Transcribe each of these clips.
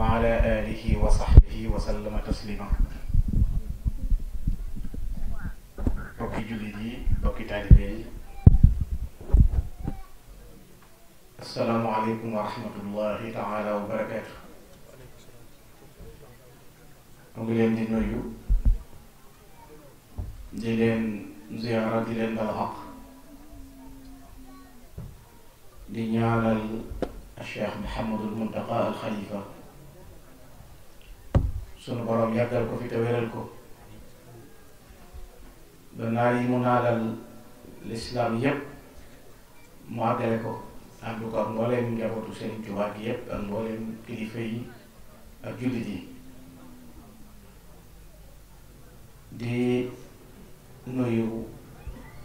وعلى آله وصحبه وسلم تسليما بكي جلدي بكي تعليمي السلام عليكم ورحمة الله تعالى وبركاته مغلين دي نويو دي لين زيارة دي لين بالحق دي نيالل الشيخ محمد المنتقى الخليفه sunu borom yàggal ko fi te ko ba naar yi mu naalal lislaam yépp mu àggale ko ànd ko ak mbooleem njabootu Sëriñ Tuubaa yépp ak mbooleem kilifa yi ak jullit yi di nuyu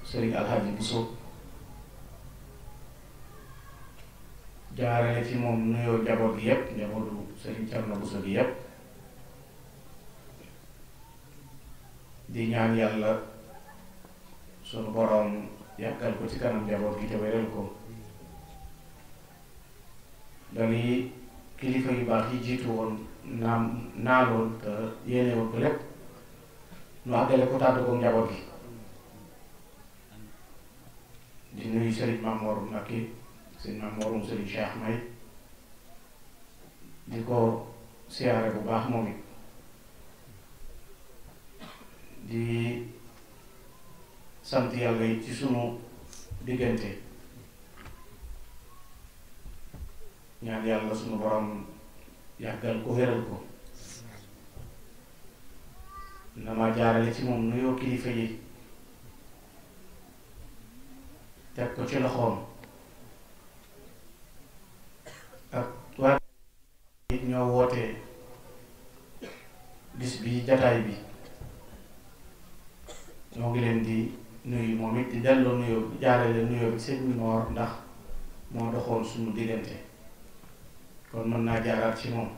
Sëriñ Alxaaji Buso jaarale fi moom nuyoo njaboot gi yépp njabootu Sëriñ Cerno Buso gi yépp di ñaan yàlla sunu boroom yàggal ko ci kanam njaboot gi te wéral ko dañuy kilifa yu baax yi jiitu woon naam naaloon te yéene woon ko lépp nu àggale ko tàdd ko njaboot gi di nuyu sëriñ Mamour Mbacké sëriñ Mamour sëriñ Cheikh May di ko siyaare bu baax moom it sant yàlla yi ci sunu diggante ñaan yàlla sunu borom yàggal ko wéral ko na ma jaarale ci moom nuyoo kilifa yi teg ko ci loxoom ak waa ñoo wootee bis bi jaarale nuyoo bi sëñ Moor ndax moo doxoon suñu diggante kon mën naa jaaraat ci moom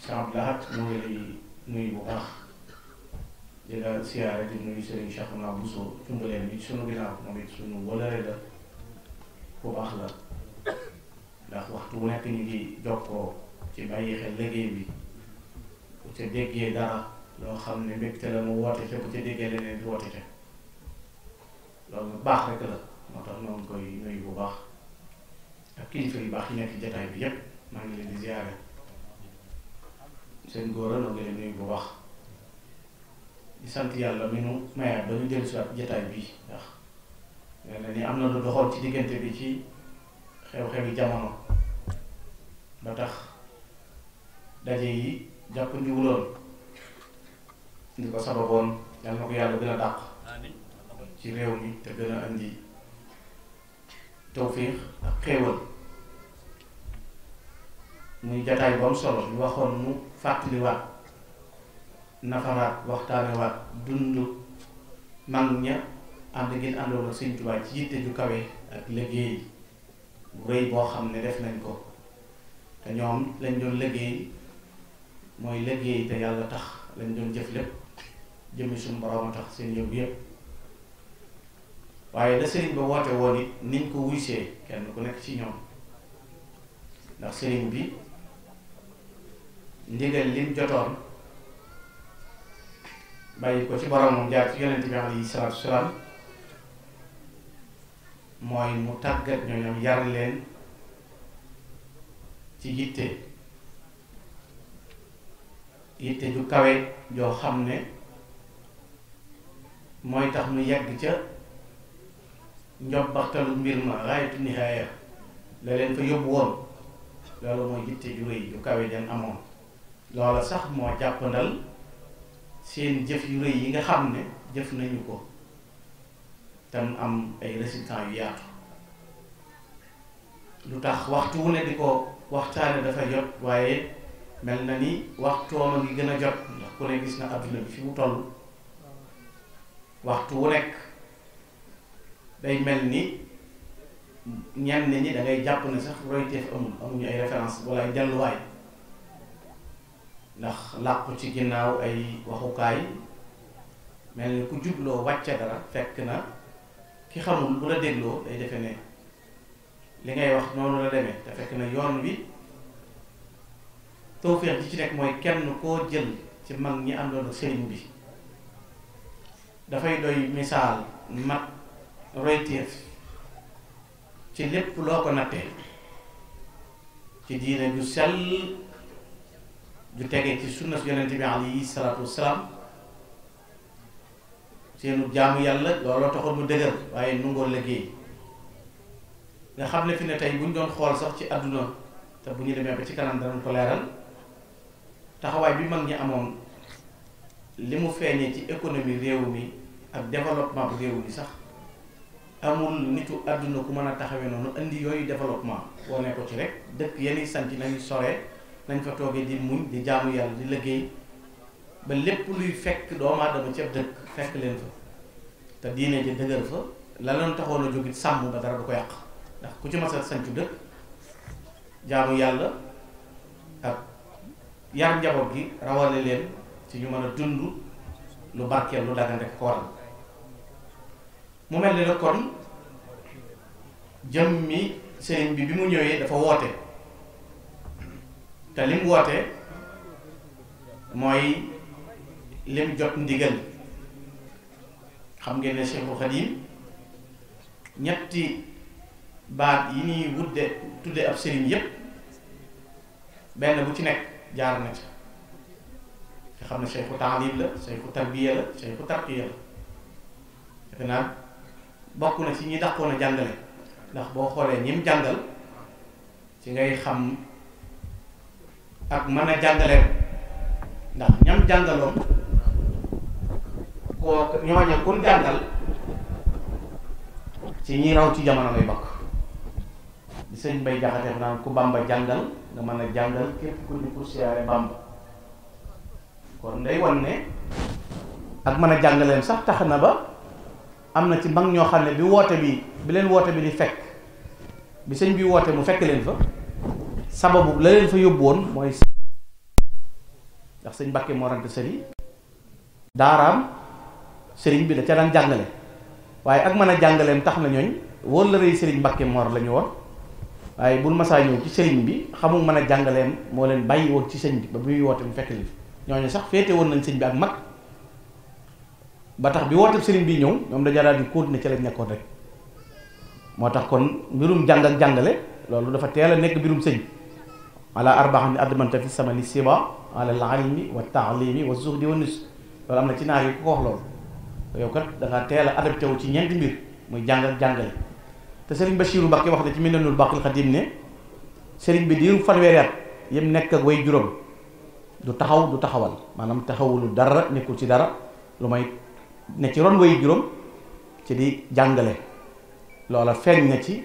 Cheikh Abdou Lahad moo ngi bu baax di la siyaare di nuyu Serigne Cheikhouna Bousso Cumbaleen bi sunu ginnaaw moom it sunu wolare la bu baax la ndax waxtu bu nekk ñu ngi jokkoo ci bàyyi xel liggéey bi bu ca déggee dara loo xam ne mbégte la mu woote bu ca déggee leneen du woote loolu baax rek la moo tax ñoo koy nuyu bu baax ak kilifa yu baax yi nekk jataay bi yépp maa ngi leen di ziare seen góor a noo ngi leen nuyu baax di sant yàlla mi nu mayaat ba ñu dellu si waat jataay bi ndax nee na ni am na lu doxoon ci diggante bi ci xew-xewi jamono ba tax daje yi ko sababoon yàlla na ko ci réew mi te gën a andi tawfiix ak xéewal muy jataay bu am solo ñu waxoon mu fàttaliwaat nafaraat waxtaanewaat dund mag ña ànd ngeen àndoon ak Sëñ Tuubaa ci yitte ju kawe ak liggéey bu rëy boo xam ne def nañ ko te ñoom lañ doon liggéey mooy liggéey te yàlla tax lañ doon jëf lépp jëmmi suñu borom a tax seen yóbbu yépp waaye la sëriñ ba woote woon it niñ ko wuysee kenn ku nekk ci ñoom ndax sëriñ bi ndigal lim jotoon bàyyi ko ci boromam jaar ci yonent bi alayhi salaatu salaam mooy mu tàggat ñooñam yar leen ci yitte yitte ju kawe joo xam ne mooy tax mu yegg ca njobbaxtalu mbir ma raaytu nihaaya la leen fa yóbbu woon loolu mooy yitte ju rëy ju kawe leen amoon loola sax moo jàppandal seen jëf yu rëy yi nga xam ne jëf nañu ko tam am ay résultats yu yaatu lu tax waxtu wu ne di ko waxtaane dafa jot waaye mel na ni waxtooma ngi gën a jot ndax ku ne gis na adduna bi fi mu toll waxtu wu nekk day mel ni ñenn ñi da ngay jàpp ne sax royteef amul amuñu ay référence wala ay delluwaay ndax làqu ci ginnaaw ay waxukaay mel ni ku jubloo wàcce dara fekk na ki xamul bu la dégloo day defe ne li ngay wax noonu la demee te fekk na yoon wi tawféex ji ci nekk mooy kenn koo jël ci mag ñi àndoon sëriñ bi dafay doy misaal mat royteef ci lépp loo ko nattee ci diine ju sell ju tege ci sunna su yonent bi alayhi salaatu wasalaam seenu jaamu yàlla looloo taxoon mu dëgër waaye nungoo liggéey nga xam ne fi ne tey bu ñu doon xool sax ci àdduna te bu ñu demee ba ci kanam danañ ko taxawaay bi mag ñi amoon li mu feeñee ci économie réew mi ak développement bu réew mi sax amul nitu àdduna ku mën a taxawee noonu indi yooyu développement wane ko ci rek dëkk yeni sant nañu soree nañ fa toogee di muñ di jaamu yàlla di liggéey ba lépp luy fekk doomu aadama ceeb dëkk fekk leen fa te diine ji dëgër fa la leen taxoon a jógit sàmm ba dara du ko yàq ndax ku ci masal sancu dëkk jaamu yàlla ak yar njaboot gi rawale leen ci ñu mën a dund lu barkeel lu dagan rek ko mu mel ni la kon jëm mi sëriñ bi bi mu ñëwee dafa woote te lim woote mooy lim jot ndigal xam ngeen ne Cheikhul Khadim ñetti baat yi ñuy wudde tudde ab sëriñ yépp benn bu ci nekk jaar na ca nga xam ne Cheikhu taalim la Cheikhu tarbiya la Cheikhu tarqiya la defe naa bokk na ci ñi dàqoon a jàngale ndax boo xoolee ñim jàngal ci ngay xam ak mën a jàngaleem ndax ñam jàngaloon koo ñooña kun jàngal ci ñi raw ci jamono ngay bokk di sëñ bay jaxate naan ku bàmba jàngal nga mën a jàngal képp ku ñu bàmba kon day wan ne ak mën a jàngaleem sax tax na ba am na ci mag ñoo xam ne bi woote bi bi leen woote bi di fekk bi sëñ bi woote mu fekk leen fa sababu la leen fa yóbbu woon mooy ndax sëñ Mbàkke moo rant sëriñ daaraam sëriñ bi da ca daan jàngale waaye ak mën a jàngaleem tax na ñooñ wóor la rëy sëriñ Mbàkke Mor la ñu woon waaye bul masaa ñëw ci sëriñ bi xamul mën a jàngaleem moo leen bàyyi woon ci sëñ bi ba buy woote mu fekk leen fi ñooñu sax féete woon nañ sëñ bi ak mag ba tax bi woote sëriñ bi ñëw ñoom dañu daal di continuer ca lañ nekkoon rek moo tax kon mbirum jàng ak jàngale loolu dafa teel a nekk mbirum sëñ ala arbaxam admanta fi sama li siba ala al ilmi wa taalimi wa zuhdi wa nus loolu am na ci naar yi ku ko wax loolu yow kat da nga teel a wu ci ñenti mbir muy jàng ak jàngale te Serigne Bachiru Mbakke wax na ci Minanul Baqil Xadim ne sëriñ bi diiru fanweeri at yem nekk ak woy juróom du taxaw du taxawal maanaam taxawulu dara nekkul ci dara lu may ne ci ron way juróom di jàngale loola feeñ na ci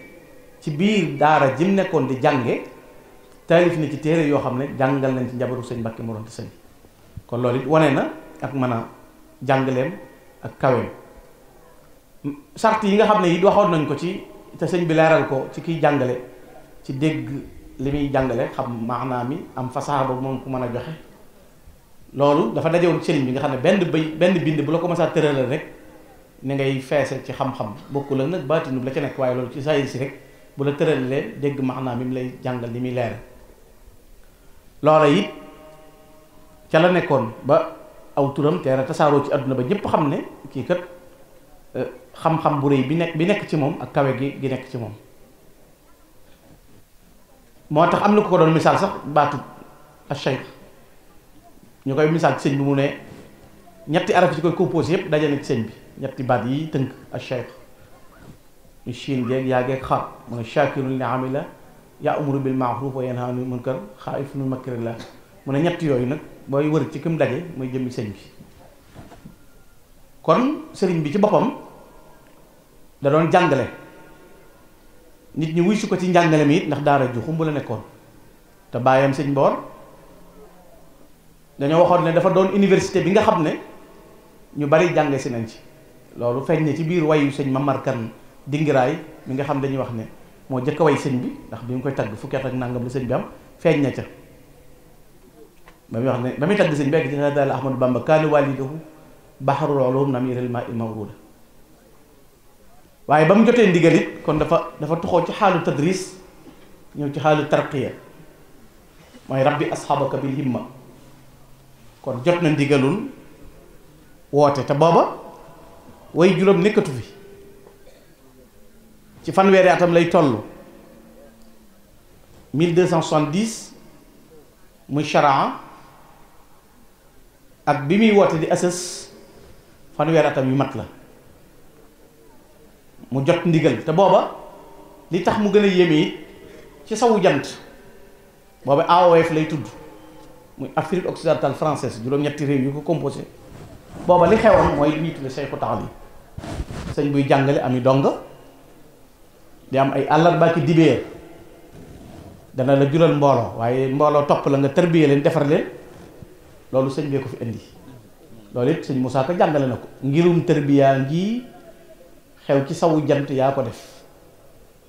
ci biir daara jim nekkoon di jànge taalif na ci téere yoo xam ne jàngal nañ ci njabaru sëñ Mbàkke moroom Anta Sali kon loolu it wane na ak mën a jàngaleem ak kaweem sart yi nga xam ne it waxoon nañ ko ci te sëñ bi leeral ko ci kiy jàngale ci dégg li muy jàngale xam maanaam mi am fasaha boobu moom ku mën a joxe loolu dafa dajewoon sëriñ bi nga xam ne benn bay benn bind bu la ko mësa a tëralal rek ni ngay feese ci xam-xam bokkul ak nag baatinub la ca nekk waaye loolu ci saayir si rek bu la tëralee dégg maanaam mi mu lay jàngal ni muy leere loola it ca la nekkoon ba aw turam teera tasaaroo ci àdduna ba ñëpp xam ne kii kat euh, xam-xam bu rëy bi nekk bi nekk ci moom ak kawe gi gi nekk ci moom moo tax am na ku ko doon misaal sax baatu acheikh ñu koy misaal sëñ bi mu ne ñetti araf ci koy composé yëpp daje na ci sëñ bi ñetti baat yi tënk a cheikh chine geeg yaa geeg xar mooy shakirun li amila yaa umuru bil maaruf wa yanha anil munkar xaayifun min makrillah mu ne ñett yooyu nag booy wër ci kim daje mooy jëmmi sëñ bi kon sëriñ bi ci boppam da doon jàngale nit ñi wuy su ko ci njàngale mi it ndax daara ju xumb la nekkoon te bàyyam sëñ Mboor dañoo waxoon ne dafa doon université bi nga xam ne ñu bari jànge si nañ ci lolu feeñ ci biir wayu sëñ Mamar Kan dingiraay mi nga xam dañuy wax ne mo jëk way sëñ bi ndax bi nga koy tag fukki ak nangam la sëñ bi am feeñ na ca ba wax ne ba tag sëñ bekk dina dal Ahmadou Bamba kaani walidahu bahru ulum namiril ma il mawruda waye bam mu ndigalit kon dafa dafa tuxoo ci halu tadris ñëw ci halu tarqiya moy rabbi ashabaka bil himma kon jot na ndigalul woote te booba way juróom nekkatu fi ci fanweeri atam lay toll 1270 muy charaa ak bi muy woote di asas fanweeri atam yu mat la mu jot ndigal te booba li tax mu gën a yéeme it ci sawu jant booba AOF lay tudd muy Afrique occidentale française juróom-ñetti réew yu ko composé booba li xewoon mooy li ñuy tuddee Seexu Taali sëñ buy jàngale ami i dong di am ay ba ki dibeer dana la jural mbooloo waaye mbooloo topp la nga tërbiyee leen defar leen loolu sëñ bee ko fi indi loolu it sëñ Moussa ko jàngale na ko ngirum tërbiyaa ngi xew ci sawu jant yaa ko def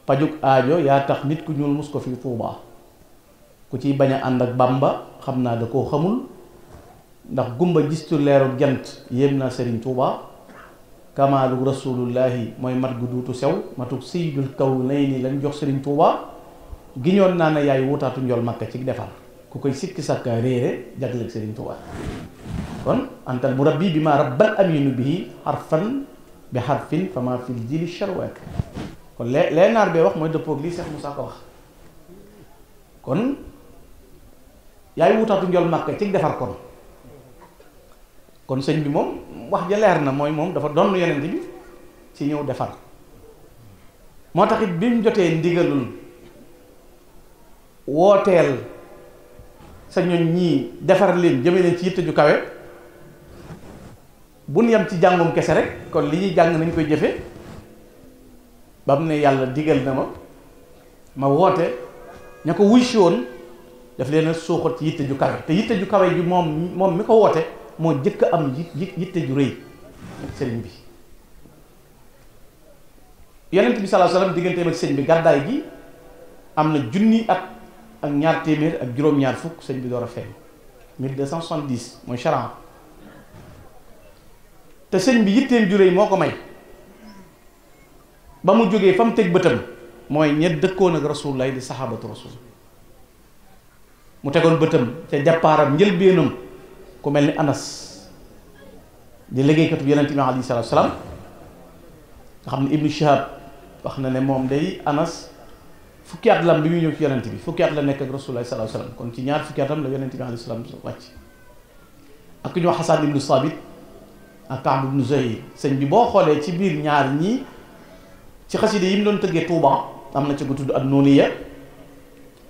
pajuk ajo ya tax nit ku ñuul mus ko fi Tuubaa ku ciy bañ a ànd ak Bàmba xam da koo xamul ndax gumba gistu leeru jant yéem naa Sëriñ Tuubaa كما رسول الله موي مات غدوتو سيو ماتوك سيد الكونين لن جوخ سيرن توبا غينيون نانا ياي ووتاتو نيول مكه سيك ديفال كوكاي سيك ساكا ريري جاتلك سيرن توبا كون انت المربي بما رب الامين به حرفا بحرف فما في الجيل الشروك كون لي نار بي واخ موي دوبوك لي شيخ موسى كو واخ كون ياي ووتاتو نيول مكه سيك ديفال كون kon señ bi moom wax ja leer na mooy moom dafa donn yonent bi ci ñëw defar moo tax it bi mu jotee ndigalul wooteel sa ñoñ ñii defar leen jëme leen ci yitte ju kawe bu ñu yam ci jàngum kese rek kon li ñuy jàng nañ koy jëfe ba mu ne yàlla digal na ma ma woote ña ko wuy si woon daf leen a suuxat ci yitte ju kawe te yitte ju kawe ji moom moom mi ko woote mo jëk am yitté ju reuy sëriñ bi yaronte bi sallallahu alayhi wasallam digënté ak sëriñ bi gàddaay gi amna na junni at ak ñaar téeméer ak juroom ñaar fukk sëriñ bi doora a 1270 mooy charan té sëriñ bi yitté ju reuy moko may ba mu joggé fam mu teg bëtam mooy ñett dëkkoon ak rasulullah di sahabatu rasul mu tegon bëtam te jàppaaram njëlbeenam ku melni anas di liggéeykatu yonent bi alayhi salaatu wa salaam nga xam ibnu shahab waxna ne mom day anas fukki at lam bi muy ñëw ci yonent bi fukki at la nekk ak rasulullah sallallahu alayhi wasallam kon ci ñaar fukki atam la yonent bi alayhi salaam wàcc ak ñu wax xasaan ibnu sabit ak kaab ibnu zoy sëñ bi boo xoolee ci biir ñaar ñii ci xaside yi doon tëggee tuuba am ci gu tudd ak nooniya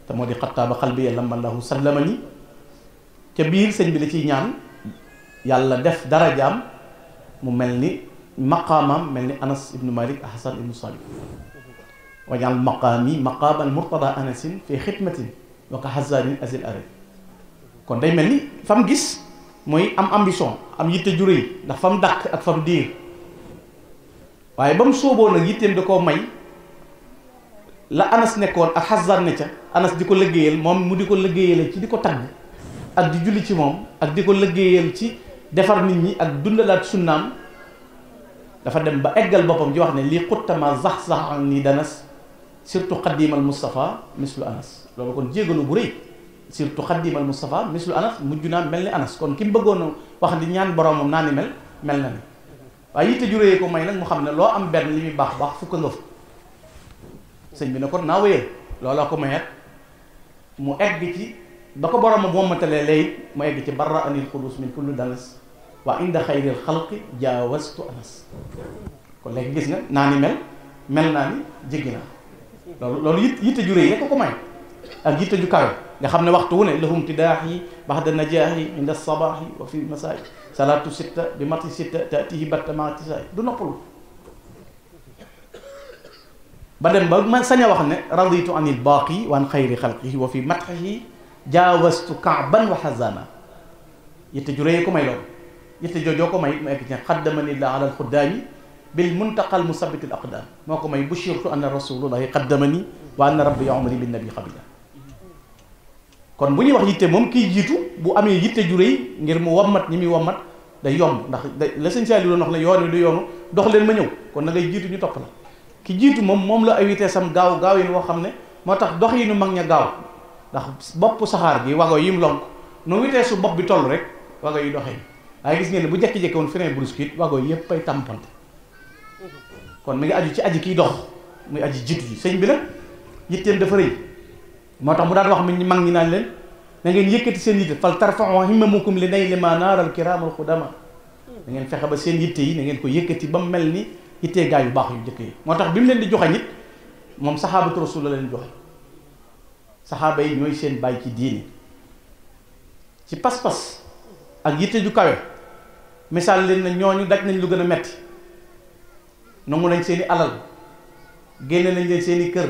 te moo di xattaaba lamma lahu sallamani ca biir sëñ bi la ciy ñaan yàlla def darajaam mu mel ni maqaamam mel ni anas ibnu malik hasan ibnu sabit wañaal maqaami maqaaman murtada anasin fi xidmatin wa ka hasanin asil arab kon day mel ni fam gis mooy am ambition am yitte ju rëy ndax fam dàkk ak fam diir waaye ba mu sóoboo nag yitteem da koo may la anas nekkoon ak xasan ne ca anas di ko liggéeyal moom mu di ko liggéeyale ci di ko tagg ak di julli ci mom ak di ko ci defar nit ñi ak dundalat sunnam dafa dem ba eggal bopam ji wax ne li qutama sax saxal ni danas surtout xaddiimal mustafa mislu Anas lolu kon jéegalu bu sirtu qaddim al mustafa mislu Anas mujuna melni mel Anas kon kim mu wax di ñaan borom mom nani mel mel na ni waaye yitte ju réyee ko may nak mu xamne lo am ben limi bax bax fuk fukk señ bi ne kon naa ko mayat mu egg ci ba ko borom a wommatalee lay mu egg ci barra anil xudus min kulli danas waa inda xayril xalqi jaawastu anas kon léegi gis nga naa ni mel mel naa ni jéggi naa loolu loolu it yitte ju rëy rek ko may ak yitte ju kawe nga xam ne waxtu wu ne lahum tidaax yi baxda najaax yi inda sabaax yi wa fi masaay salaatu sitta bi mati sitta taatihi battama tisaay du noppalu ba dem ba ma sañ a wax ne raditu anil baaqi wa an xayri xalqihi wa fi matxihi jaawastu kaaban wa xazana yitte ju réy ko may loolu yitte joojoo ko may mu egg ci xaddamanillah ala alxuddaami bil mu sabit al aqdam moo ko may bu bushirtu anna rasulullahi qaddamani wa anna rabbi yamali bin nabi xabila kon bu ñuy wax yitte moom kiy jiitu bu amee yitte ju réy ngir mu wammat ñi muy wammat day yomb ndax la sëñ Saliou doon wax ne yoon wi du yoonu dox leen ma ñëw kon na ngay jiitu ñu topp la ki jiitu moom moom la ay witee sam gaaw gaaw yi xam ne moo tax dox yi nu mag ña gaaw ndax bopp saxaar gi wago yim lonk nu witee su bopp bi toll rek wago yi doxee ay gis ngeen bu jekki-jekki won frein brusque wago yépp ay tampante kon mi ngi aju ci aji ki dox muy aji jitt yi señ bi la yitteem dafa reuy motax mu daal wax mi mag ni naan len na ngeen yëkkati seen yitte fal tarfa'u himmakum li nayli ma naaral kiramul xudama da ngeen fexe ba seen yitte yi na ngeen ko yëkkati ba mel ni gaay yu baax yu jëkk motax bimu len di joxe nit moom saxaabatu rasul len saxaaba yi ñooy seen bàyyi ci diini ci pas-pas ak yitte ju kawe misaal leen na ñooñu daj nañ lu gën a metti nangu nañ seeni alal génne lañ leen seeni kër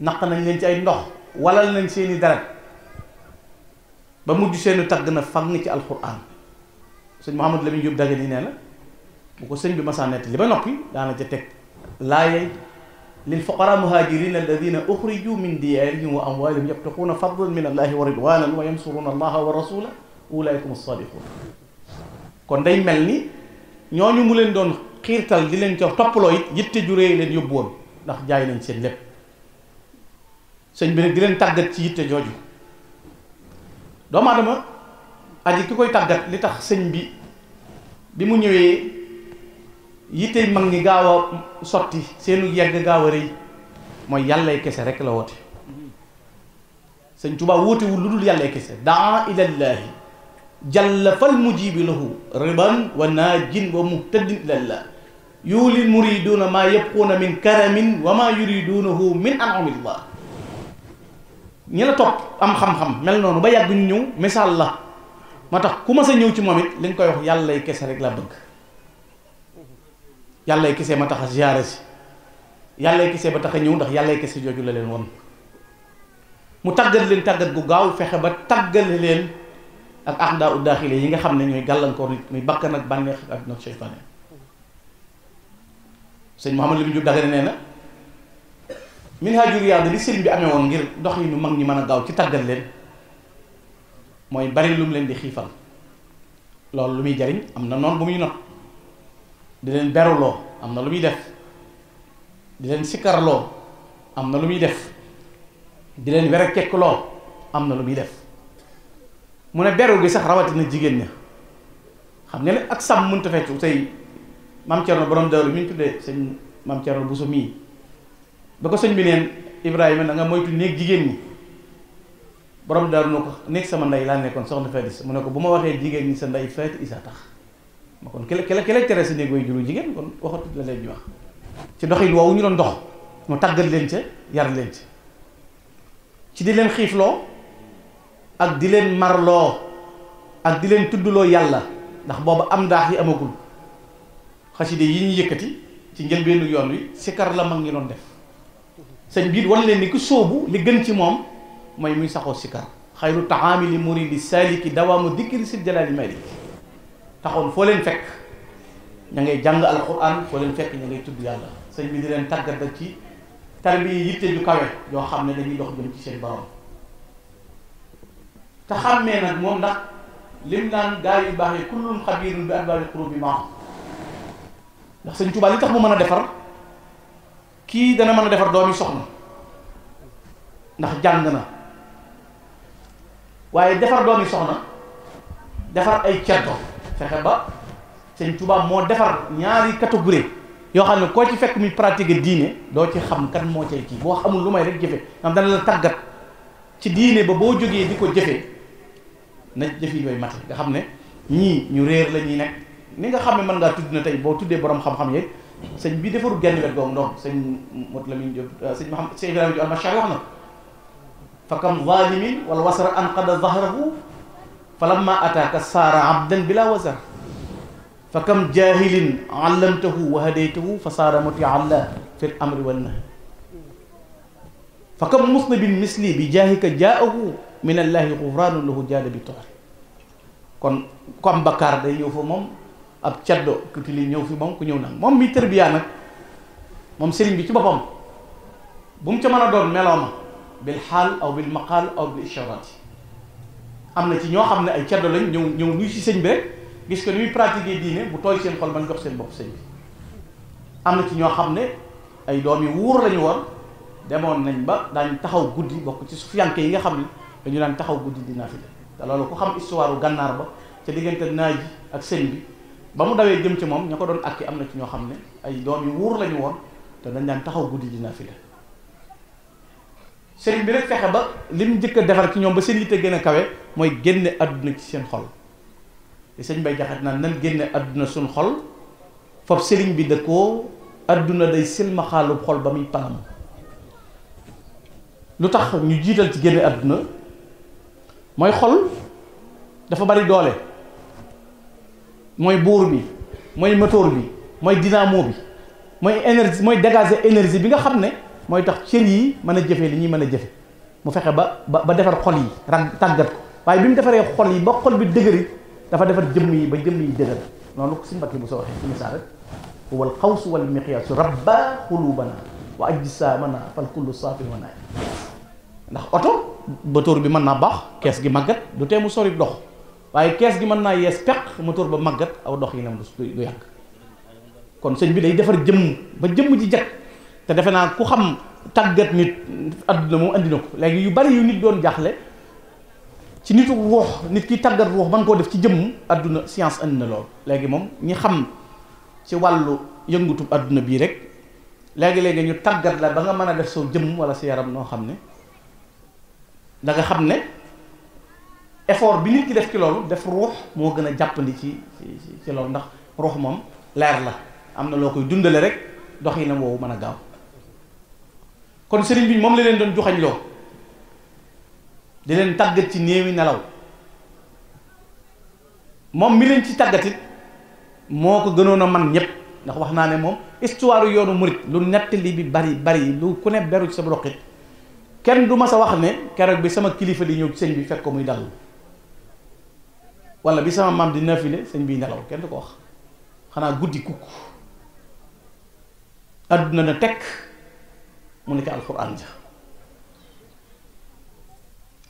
naq nañ leen ci ay ndox walal nañ seeni deret ba mujj seeni tagg na fang ci alxuraan sëñ Mouhamadou Lamine Diop daga nii nee na bu ko sëñ bi masaa nett li ba noppi daana ca teg laayay للفقراء المهاجرين الذين أخرجوا من ديارهم وأموالهم يبتغون فضلا من الله ورضوانا وينصرون الله ورسوله أولئك هم الصادقون kon day mel ni ñooñu mu leen doon xiirtal di leen ca toppaloo it yitte ju réy leen yóbbu woon ndax jaay nañ seen lépp sëñ bi nag di leen tàggat ci yitte jooju doomu aadama aji ki koy tàggat li tax sëñ bi bi mu ñëwee yittey mag ñi gaaw a sotti seenu yegg gaaw a rëy mooy yàllay kese rek la woote sëñ Tuubaa wootewul lu dul yàllay kese daa ilallaahi jalla fal mujibi lahu riban wa naajin wa muhtadin ilallah yuulil muriduuna maa yabquuna min karamin wa maa yuriduunahu min anamillah ñi la topp am xam-xam mel noonu ba yàgg ñu ñëw misaal la moo tax ku ma sa ñëw ci moom it li nga koy wax yàllay kese rek la bëgg yàllay kese ma tax a ziyaare si yàllay kese ba tax a ñëw ndax yàllay kese jooju la leen woon mu tàggat leen tàggat gu gaaw fexe ba tàggale leen ak aadaa u daaxile yi nga xam ne ñooy gàllankoor nit muy bakkan ak bànneex ak àdduna ak seytaane sëñ Mouhamad li mu jub dagane nee na minhaaju riyaada li sëñ bi amee woon ngir dox yi nu mag ñi mën a gaaw ci tàggat leen mooy bari lu mu leen di xiifal loolu lu muy jariñ am na noonu bu muy not di leen lo amna lu muy def di leen sikkarloo amna lu muy def di leen were kekkuloo amna lu muy def mune beru gi sax rawatina jigéen ña xam ne ak sam muntu fetu tay mam Cerno borom daaru min ñu señ mam maam Cerno Buso mii ba ko sëñ bi len ibrahim na nga moytu jigen ni borom daaru na nek sama nday la nekkoon soxna fetis muneko buma waxe jigen ni sa nday fet isa tax kon ki la ki la ki tere sa néeg way juru jigéen kon waxatu la leen ñu wax ci doxin woowu ñu doon dox mu tàggat leen ca yar leen ca ci di leen xiifloo ak di leen marloo ak di leen tuddloo yàlla ndax booba am ndaax yi amagul xaside yi ñu yëkkati ci njëlbeenu yoon wi sikar la mag ñi doon def sëñ biit wan leen di ku sóobu li gën ci moom mooy muy saxoo sikar xayru taxaami li muridi saaliki dawaamu dikkiri si jalaali maliki taxone fo len fek ña ngay jang alquran fo len fek ña ngay tudd yalla señ bi di len tagga da ci tarbi yitte ju kawé yo xamné dañuy dox jëm ci seen borom ta xamé nak mom ndax lim nan gaay yu baxé kullum bi anwaari qurubi ma ndax señ Tuubaa li tax mu mën defar kii dana mën a defar doomi soxna ndax jang na waye defar doomi soxna defar ay ceddo fexe ba sëñ tubaab moo defar ñaari catégorie yoo xam ne koo ci fekk muy pratique diine doo ci xam kan moo cay kii boo xamul lu may rek jëfe am la tàggat ci diine ba boo jógee di ko jëfe na jëf yi way mate nga xam ne ñii ñu réer la ñuy nekk ni nga xam ne mën ngaa tudd na tey boo tuddee borom xam-xam yeeg sëñ bii defarul genn wet googu ndox sëñ mot la min Jóob euh, sëñ Muhammad sëñ Ibrahima Jóob wax na fa kam zalimin wal wasra anqada zahrahu فلما أتاك سارة عبدا بلا وزر فكم جاهل علمته وهديته فصار مطيع الله في الأمر والنهي فكم مصنب مثلي بجاهك جاءه من الله غفران له جال بطهر كون كون بكار دا يوفو موم اب تشادو كوتيلي نيو في موم كنيو نان موم مي تربيا نا موم سيرين بي تي بوبام بوم تي مانا دون ميلوما بالحال او بالمقال او بالاشارات amna ci ñoo xamne ay ceddo lañ ñëw ñëw ñu ci señ bi rek gis ko ni pratiquer diine bu toy seen xol ban jox seen bop señ bi amna na ci ñoo xamne ay doomi wuur lañ woon demoon nañ ba dañ taxaw guddi bok ci sufiyanke yi nga xam dañu daan taxaw guddi di fi da lolu ko xam histoire gannar ba ci diggante naaji ak señ bi ba mu dawee jëm ci mom ñako doon akki amna na ci ñoo xamne ay doomi wuur lañ te dañ taxaw guddi di naafila sëriñ bi rek fexe ba lim njëkk a defar ci ñoom ba seen yitte gën a kawe mooy génne àdduna ci seen xol te sëñ bay jaxat naan nan génne àdduna suñ xol foofu sëriñ bi da koo àdduna day silmaxaalub xol ba muy palam lu tax ñu jiital ci génne àdduna mooy xol dafa bari doole mooy buur bi mooy moteur bi mooy dynamo bi mooy énergie mooy dégager énergie bi nga xam ne moy tax cieur yi meuna jëfé li ñi meuna jëfé mu fexé ba ba défar xol yi rag tagat ko waye bimu défaré xol yi ba xol bi dëgëri dafa défar jëmm yi ba jëmm yi dëgër nonu ko si mbakki bu so waxe ci misal rek wal qaws wal miqyas rabba qulubana wa ajsamana fal kullu safi wa naay ndax auto motor bi mën naa baax gi magat du tee mu sori dox waye kees gi mën naa yees peq ba magat aw dox yi nam du yàgg kon señ bi day defar jëm ba jëm ji jag te defe naa ku xam tagat nit aduna mo andi na ko léegi yu bari yu nit doon jaxlé ci nitu ruux nit ki tagat ruux ban ko def ci jëm aduna science andi na lool légui mom ñi xam ci walu yëngutub aduna bi rek légui légui ñu tagat la ba nga mëna def so jëm wala ci yaram no xamné da nga xamné effort bi nit ki def ci lool def ruh si si si ci ci lool ndax ruh mom lèr la amna lokoy loo dundale rek doxina yi na woowu kon sëriñ bi moom la leen doon joxañ loo di leen tàggat ci néewi nelaw moom mi leen ci tàggatit moo ko gënoon a man ñëpp ndax wax naa ne moom histoire yoonu murit lu nettali bi bari bari lu ku ne beru ci sa roqit kenn du ma sa wax ne keroog bi sama kilifa di ñëw sëñ bi fekk ko muy dallu walla bi sama maam di nafile sëñ bi nelaw kenn du ko wax xanaa guddi kukk àdduna na tekk mu nekk alquran ja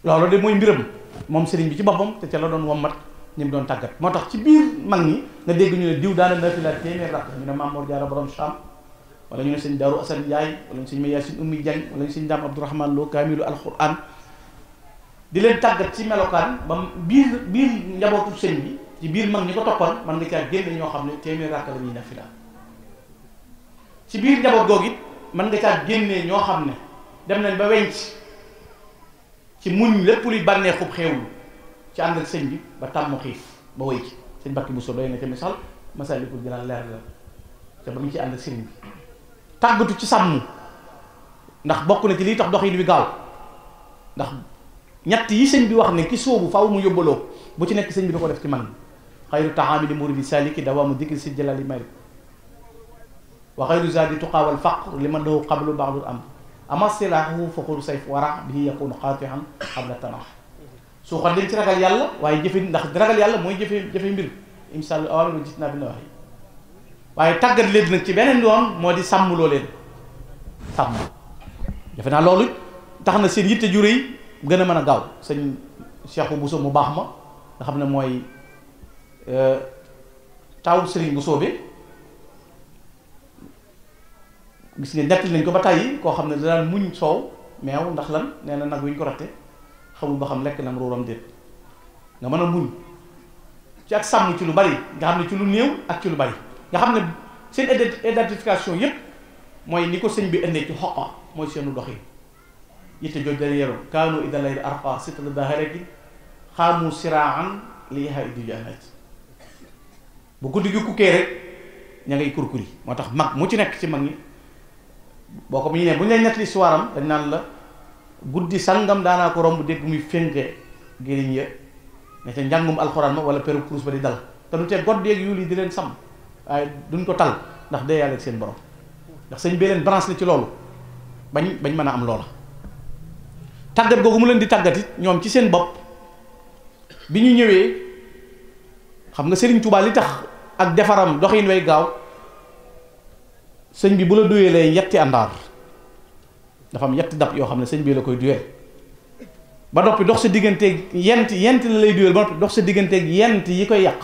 loolu de mooy mbiram moom sëriñ bi ci boppam te ca la doon wommat ñi mu doon tàggat moo tax ci biir mag ñi nga nah, dégg ñu ne diw daana nafila téeméer ya, rakk ñu ne Mamour jaara borom sham wala ñu ne sëñ daru Asan Njaay wala ñu sëñ ma Ummi Jang wala ñu sëñ dam Abdourahman Lo kaamilu alquran di leen tàggat ci melokaan ba biir biir njabootu sëñ bi ci biir mag ñi ko toppoon man nga caa génne ñoo xam ne téeméer rakk la ñuy nafila ci biir njaboot googu man nga caa génnee ñoo xam ne dem nañ ba wenc ci muñ lépp luy bànnee xub xewlu ci ànd ak sëñ bi ba tàmm xiif ba woy ci sëñ Bakki Bousso doy na ca misaal Masaalikul Jinaan leer la te ba mu ci ànd ak sëñ bi tàggatu ci sàmm ndax bokk na ci liy tax doxin wi gaaw ndax ñett yi sëñ bi wax ne ki sóobu faaw mu yóbbaloo bu ci nekk sëñ bi da ko def ci man xayru taxaami li murid bi saliki dawaamu dikri si jalali malik وخير زاد تقى والفقر لمن له قبل بعض الامر اما سلاحه فخر سيف ورع به يكون قاطعا قبل التناح سو خدم تي راغال يالا واي جيفي ناخ راغال يالا موي جيفي جيفي مبير ان شاء الله اول جيتنا بنوحي واي تاغات ليد نك تي بنين دون مودي سام لولين سام دافنا لولو تاخنا سين ييتا جوري غنا مانا غاو سين شيخو بوسو مو باخما خامنا موي ا آه، تاو سيرين بوسو بي gis nga nettali nañ ko ba tàyyi koo xam ne daan muñ soow meew ndax lan nee na nag wi ñu ko ratte xamul ba xam lekk na am ruuram déet nga mën a muñ ci ak sàmm ci lu bari nga xam ne ci lu néew ak ci lu bari nga xam ne seen identification yépp mooy ni ko sëñ bi indee ci xoqa mooy seenu yi yitte joj dana yeroon kaanu ida lay arqa sitala daharaki xaamu siraan li yaha idi janati bu guddi gi kukkee rek ña ngay kurkuri moo tax mag mu ci nekk ci mag ñi boko mi ne bu ñu netti suwaram dañ nan la guddi sangam dana ko rombu deg mi fenge ya ne ca jangum alquran wala peru kurus ba di dal te du te godde ak yuli di len sam ay duñ ko tal ndax de yalla ak seen borom ndax sëñ be len branche ci lolu bañ bañ am lolu Takde gogu mu len di tagati ñom ci seen bop biñu ñëwé xam nga Serigne Touba li tax ak defaram doxine way gaaw sëñ bi bu la duyelee yetti àndaar dafa am yetti dab yoo xam ne sëñ bii la koy duyeel ba noppi dox sa digganteeg yent yent la lay duyeel ba noppi dox sa digganteeg yent yi koy yàq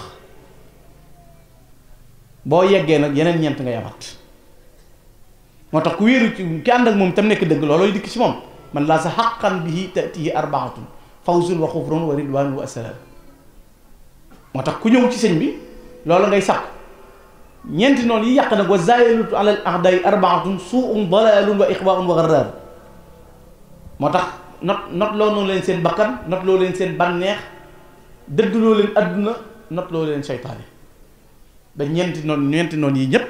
boo yeggee nag yeneen ñeent nga yabat moo tax ku wéeru ci ki ànd ak moom tam nekk dëgg loolooy dikk ci moom man laa sa xaqan bihi tatihi arbaatun fawzun wa xufrun wa ridwanun wa asalaam moo tax ku ñëw ci sëñ bi loolu ngay sàkku ñeenti noonu yi yàq nag wa zaayalatu alal ahday arbaatun suun dalalun wa ixwaun wa garraar moo tax not not loo noonu leen seen bakkan not loo leen seen bànneex dëdduloo leen adduna not loo leen seytaane ba ñeenti noonu ñeenti noonu yi ñëpp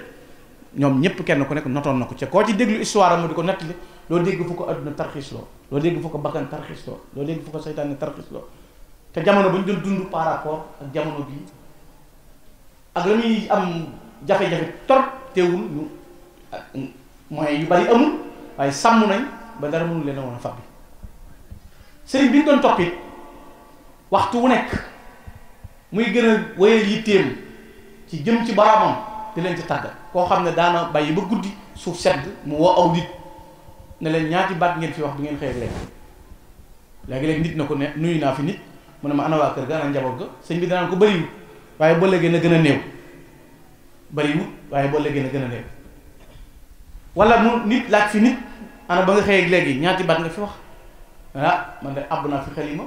ñoom ñëpp kenn ku nek noton nako ci ko ci déglu histoire mu diko netti lo deg fu ko aduna tarxiis lo lo deg fu ko bakkan tarxiis lo lo deg fu ko seytaane tarxiis lo te jamono buñ ñu doon dund par rapport ak jamono bi ak lamuy am jafe-jafe trop teewul ñu ah, moyens yu bari amul waaye sàmm nañ ba dara mënu leen a woon a fab bi bi ñu doon toppit waxtu wu nekk muy gën a wéyal yitteem ci jëm ci boroomam di leen ci tàggat koo xam ne daana bàyyi ba guddi suuf sedd mu woo aw nit ne leen ñaati baat ngeen fi wax bi ngeen xëy ak léegi léegi-léegi nit na ko ne nuyu naa fi nit mu ne ma ana waa kër ga ana njaboot ga sëñ bi danaan ko bëriwul waaye ba léegi na gën a néew bariwul waaye boo léegi na gën a néew wala mu nit laaj fi nit ana ba nga xëyeeg léegi ñaati baat nga fi wax ah man de àbb naa fi xalima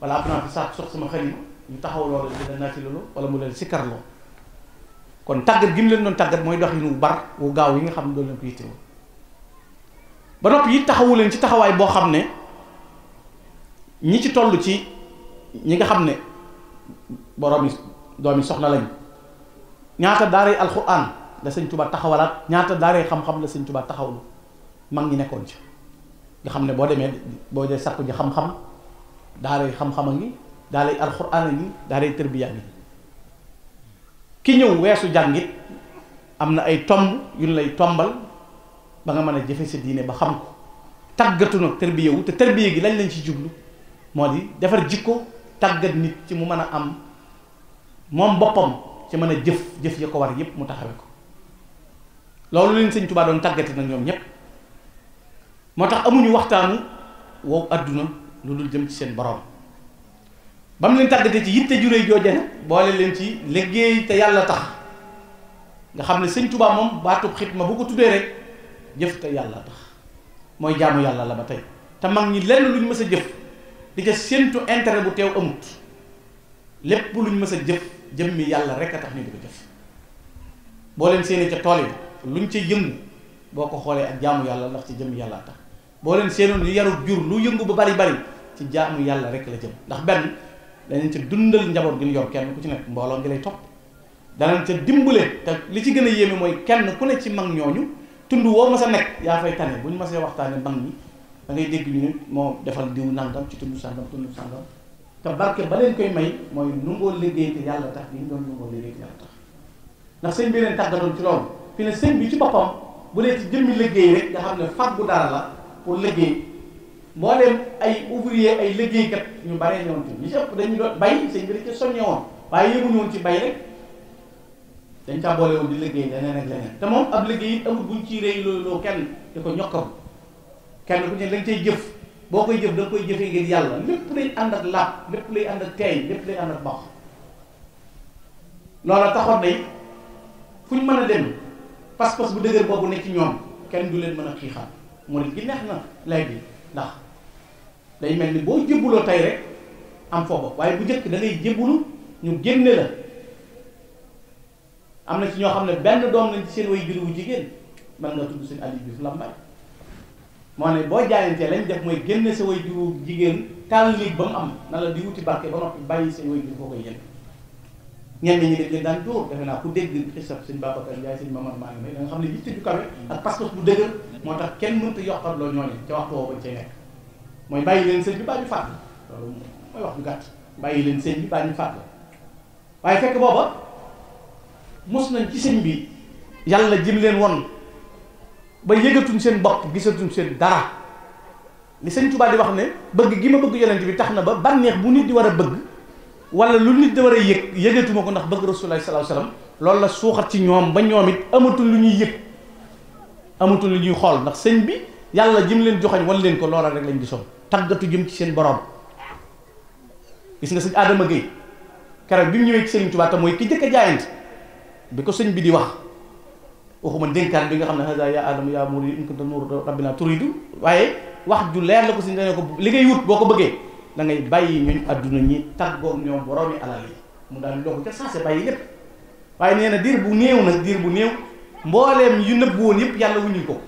wala àbb naa fi saat sox sama xalima ñu taxaw loolu dina naa ci loolu wala mu leen sikkarloo kon tàggat gi mu leen doon tàggat mooy dox yi nu bar wu gaaw yi nga xam ne doon leen ko yittewoo ba noppi it taxawu leen ci taxawaay boo xam ne ñi ci toll ci ñi nga xam ne boroomi doomi soxna lañ ñaata daaray alxuraan la sëñ Tuubaa taxawalaat ñaata daaray xam-xam la sëñ Tuubaa taxawlu mag ñi nekkoon ci nga xam ne boo demee boo dee sàkku ji xam-xam daaray xam-xam a ngi daaray alxuraan a ngi daaray tërbiya a ki ñëw weesu jàngit am na ay tomb yu ñu lay tombal ba nga mën a jëfe sa diine ba xam ko tàggatu nag tërbiya wu te tërbiya gi lañ lañ ci jublu moo di defar jikko taggat nit ci mu mën a am moom boppam ci mën a jëf jëf ya ko war yépp mu taxawe ko loolu leen sëñ Tuubaa doon tàggati nag ñoom ñépp moo tax amuñu waxtaanu wow àdduna lu dul jëm ci seen borom ba mu leen tàggatee ci yitte juréy jooje nag boole leen ci liggéey te yàlla tax nga xam ne sëñ Tuubaa moom baatub xitma bu ko tuddee rek jëf te yàlla tax mooy jaamu yàlla la ba tey te mag ñi lenn luñ mës a jëf di ca séentu intérêt bu teew amut lépp luñ mës a jëf jëmmi yàlla rek a tax ñu di ko jëf boo leen séenee ca tool lu luñ ca yëngu boo ko xoolee ak jaamu yàlla ndax ci jëmmi yàlla tax boo leen seenoon lu yarut jur lu yëngu bu bari bari ci jaamu yàlla rek la jëm ndax benn danañ ca dundal njaboot gi ñu yor kenn ku ci nekk mbooloo ngi lay topp danañ ca dimbale te li ci gën a yéeme mooy kenn ku ne ci mag ñooñu tund woo ma sa nekk yaa fay tane bu ñu ma see waxtaane mag ñi da ngay dégg ñu ne moo defal diw nangam ci tund sangam tund sangam te barke ba leen koy may mooy nungoo liggéey te yàlla tax bi ñu doon nungoo liggéey te yàlla tax ndax sëñ bi leen tàggatoon ci loolu fi ne sëñ bi ci boppam bu dee ci jëmmi liggéey rek nga xam ne fàggu dara la pour liggéey mbooleem ay ouvrier ay liggéeykat ñu bare ñoom ci ñi doon bay sëñ bi woon waaye yëguñu woon ci bay rek dañ caa liggéey leneen ak leneen te moom ab liggéey it amul buñ ciy réy loolu loo kenn di ko ñokkam kenn ku ne lañ cay jëf boo koy jëf da koy jëfee ngir yàlla lépp lay ànd ak lapp lépp lay ànd ak teey lépp lay ànd ak baax loola taxoon nañ fu ñu mën a dem pas-pas bu dëgër boobu nekk ci ñoom kenn du leen mën a xiixal murid gi neex na lay bi ndax day mel ni boo jébbuloo tey rek am foofu waaye bu jëkk da ngay jébbulu ñu génne la am na ci ñoo xam ne benn doom lañ ci seen way jur wu jigéen mën nga tudd seen Aliou Diouf Lambaye moo ne boo jaayantee lañ def mooy génn sa way juru jigéen tàllig ba mu am na la di wuti barke ba noppi bàyyi sa way jur foo koy jënd ñenn ñi dañ leen daan dóor defe naa ku dégg xisab sëñ Babacar Ndiaye sëñ Mamar maa ngi may da nga xam ne yitte ju kawe ak pas-pas bu dëgër moo tax kenn mënta yokkat loo ñooñu ca waxtu woo bañ nekk mooy bàyyi leen seen bi baa ñu fàtt la loolu mooy wax bu gàtt bàyyi leen sëñ bi baa ñu fàtt la waaye fekk booba mos nañ ci sëñ bi yàlla leen won ba yëgatuñ seen bopp gisatuñ seen dara li sëñ Tuubaa di wax ne bëgg gi ma bëgg yonent bi tax na ba bànneex bu nit di war a bëgg wala lu nit di war a yég yëgatuma ko ndax bëgg Rasulullaahi sallallaahu alayhi wa loolu la suuxat ci ñoom ba ñoom it amatul lu ñuy yëg amatul lu ñuy xool ndax sëñ bi yàlla jëm leen joxañ wan leen ko loola rek lañ gisoon tàggatu jëm ci seen borom gis nga sëñ Adama Gueye keroog bi mu ñëwee ci Sëriñ Tuubaa te mooy ki dëkk a jaayante bi ko sëñ bi di wax waxuma dénkaan bi nga xam ne hasa ya aadama ya mur in kunta nuur rabbina turidu waaye wax ju leer la ko si ne ko li ngay wut boo ko bëggee dangay bàyyi ñuñ adduna ñi tàggoog ñoo boroomi alal yi mu daal loo ko ca saase bàyyi lépp waaye nee na diir bu néew na diir bu néew mbooleem yu nëbb woon yëpp yàlla wuññil ko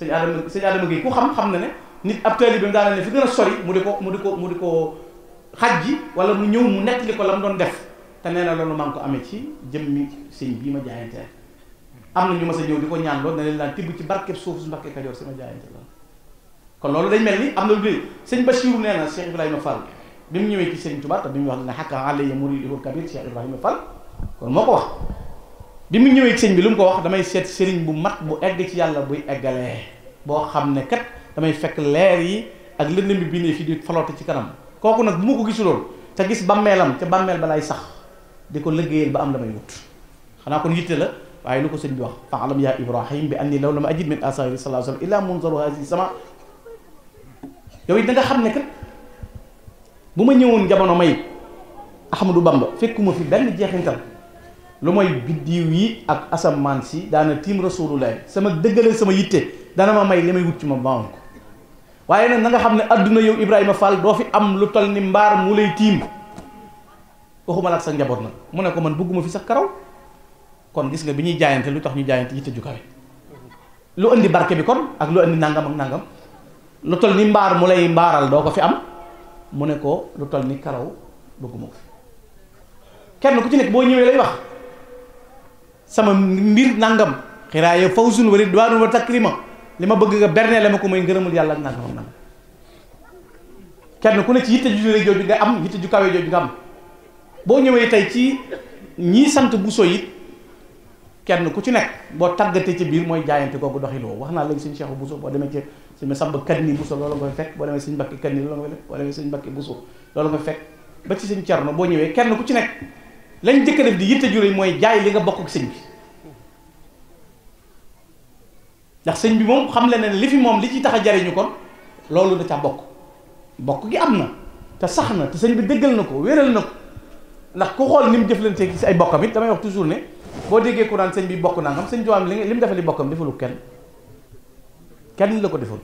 sëñ Adama sëñ Adama Gueye ku xam xam na ne nit ab taalibe bi daa ne fi gën a sori mu di ko mu di ko mu di ko xaj ji wala mu ñëw mu nettali la mu doon def te nee na loolu maa ko amee ci jëmmi sëñ bii ma jaayante am na ñu ma a ñëw di ko ñaan loolu na leen daan tibb ci barkeb suuf su Mbàkke Kajoor sama jaayante la kon loolu dañ mel ni am na lu dee sëñ Bachirou nee na Cheikh Ibrahima Fall bi mu ñëwee ci sëñ Touba te bi mu wax ne xakka alaya muridihu kabir Cheikh Ibrahima Fall kon moo ko wax bi mu ñëwee sëñ bi lu mu ko wax damay seet sëriñ bu mat bu egg ci yàlla buy eggalee boo xam ne kat damay fekk leer yi ak lëndëm bi bindee fii di faloote ci kanam kooku nag bu ma ko gisuloon ca gis bàmmeelam ca bàmmeel ba lay sax di ko liggéeyal ba am damay wut xanaa kon yitte la waaye lu ko sëñ bi wax faalam yaa ibrahim bi anni law lam ajid min asaari sallallahu alayhi wasallam illa munzaru hasi sama yow it da nga xam ne kat bu ma ñëwoon jamono may ahmadu bamba fekkuma fi benn jeexintal lu mooy biddiw yi ak asamaan si daana tiim rasulullah sama dëggale sama yitte dana ma may li may wut ci ma baam ko waaye nag na nga xam ne adduna yow ibrahima fall doo fi am lu tol ni mbaar mu lay tiim waxuma la ak sa njaboot nag mu ne ko man bëgguma fi sax karaw kon gis nga bi ñuy jaayante lu tax ñu jaayante yitte ju kawe lu indi barke bi kon ak lu indi nangam ak nangam lu toll ni mbaar mu lay mbaaral doo ko fi am mu ne ko lu toll ni karaw bëgguma ko fi kenn ku ci nekk boo ñëwee lay wax sama mbir nangam xiraaya fawzun wa ridwaanun wa takrima li ma bëgg nga berne la ma ko mooy ngërëmul yàlla ak nangam ak nangam kenn ku ne ci yitte ju rek jooju nga am yitte ju kawe jooju nga am boo ñëwee tey ci ñii sant bu kenn ku ci nekk boo tàggatee ci biir mooy jaayante kooku doxin woowu wax naa léegi suñu Cheikh Bousso boo demee ci suñu Samba Kanni Bousso loolu nga fekk boo demee suñu Mbacke Kanni loolu nga fekk boo demee suñu Mbacke Bousso loolu nga fekk ba ci suñu Cerno boo ñëwee kenn ku ci nekk lañ jëkk def di yitte juróom mooy jaay li nga bokk ak sëñ bi ndax sëñ bi moom xam le ne li fi moom li ci tax a jariñu kon loolu da caa bokk bokk gi am na te sax na te sëñ bi dëggal na ko wéral na ko ndax ku xool ni mu jëflanteeg ci ay bokkam it damay wax toujours ne boo déggee ku naan sëñ bi bokk nangam sëñ Tuubaa li mu defali bokkam defalu kenn kenn la ko defal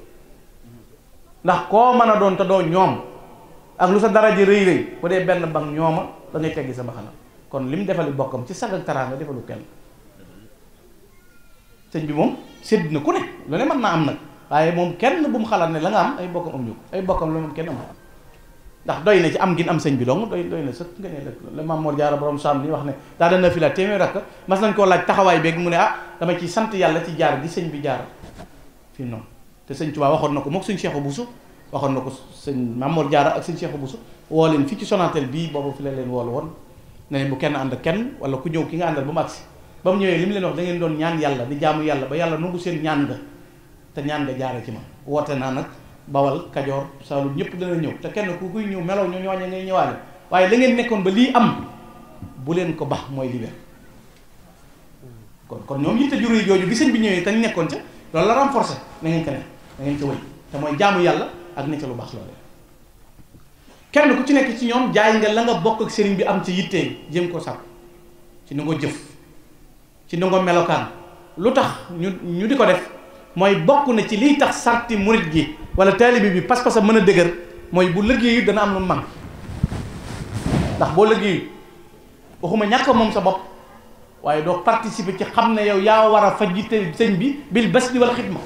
ndax koo mën a doon te doo ñoom ak lu sa dara ji rëy rëy bu dee benn bang ñooma da ngay teggi sa mbaxana kon li mu defali bokkam ci sag ak taraanga defalu kenn sëñ bi moom sédd na ku ne lu ne mën naa am nag waaye moom kenn bu mu xalaat ne la nga am ay bokkam am ñu ay bokkam la moom kenn am ndax doy na ci am gin am sëñ bi dong doy doy na sëkk nga ne la Maam Mor Jaara borom saam bi wax ne daa dana fi la téeméer rakk mas laaj taxawaay beeg mu ne ah dama ci sant yàlla ci jaar gi sëñ bi jaar fi noonu te sëñ Tuubaa waxoon na ko mook sëñ Cheikh Bousso waxoon na ko sëñ Maam Mor Jaara ak sëñ Cheikh Bousso woo leen fii ci Sonatel bii boobu fi la leen bu kenn ànd kenn wala ku ñëw ki nga àndal bu mu agsi ba ñëwee li mu leen wax da ngeen doon ñaan yàlla di jaamu yàlla ba yàlla nangu seen ñaan nga te ñaan nga jaare ci ma woote naa nag bawal kajoor saalum ñëpp dana ñëw te kenn ku kuy ñëw melaw ñu ñooñe ngay ñëwaale waaye la ngeen nekkoon ba lii am bu leen ko bax mooy libér kon kon ñoom yitte juróomi jooju bi sëñ bi ñëwee tañ nekkoon ca loolu la renforcer na ngeen ko ne na ngeen ko wëy te mooy jaamu yàlla ak ne lu baax loole kenn ku ci nekk ci ñoom jaay nga la nga bokk ak sëriñ bi am ci yittee jéem ko sàkk ci nu nga jëf ci nu nga melokaan lu tax ñu ñu di ko def mooy bokk na ci liy tax sarti murit gi wala taalibi bi pas passa mën a dëgër mooy bu liggéeyu dana am lu man ndax bo liggéeyu waxuma ñak mom sa bop waye do participer ci xam yow ya wara a señ bi bil basdi wal khidma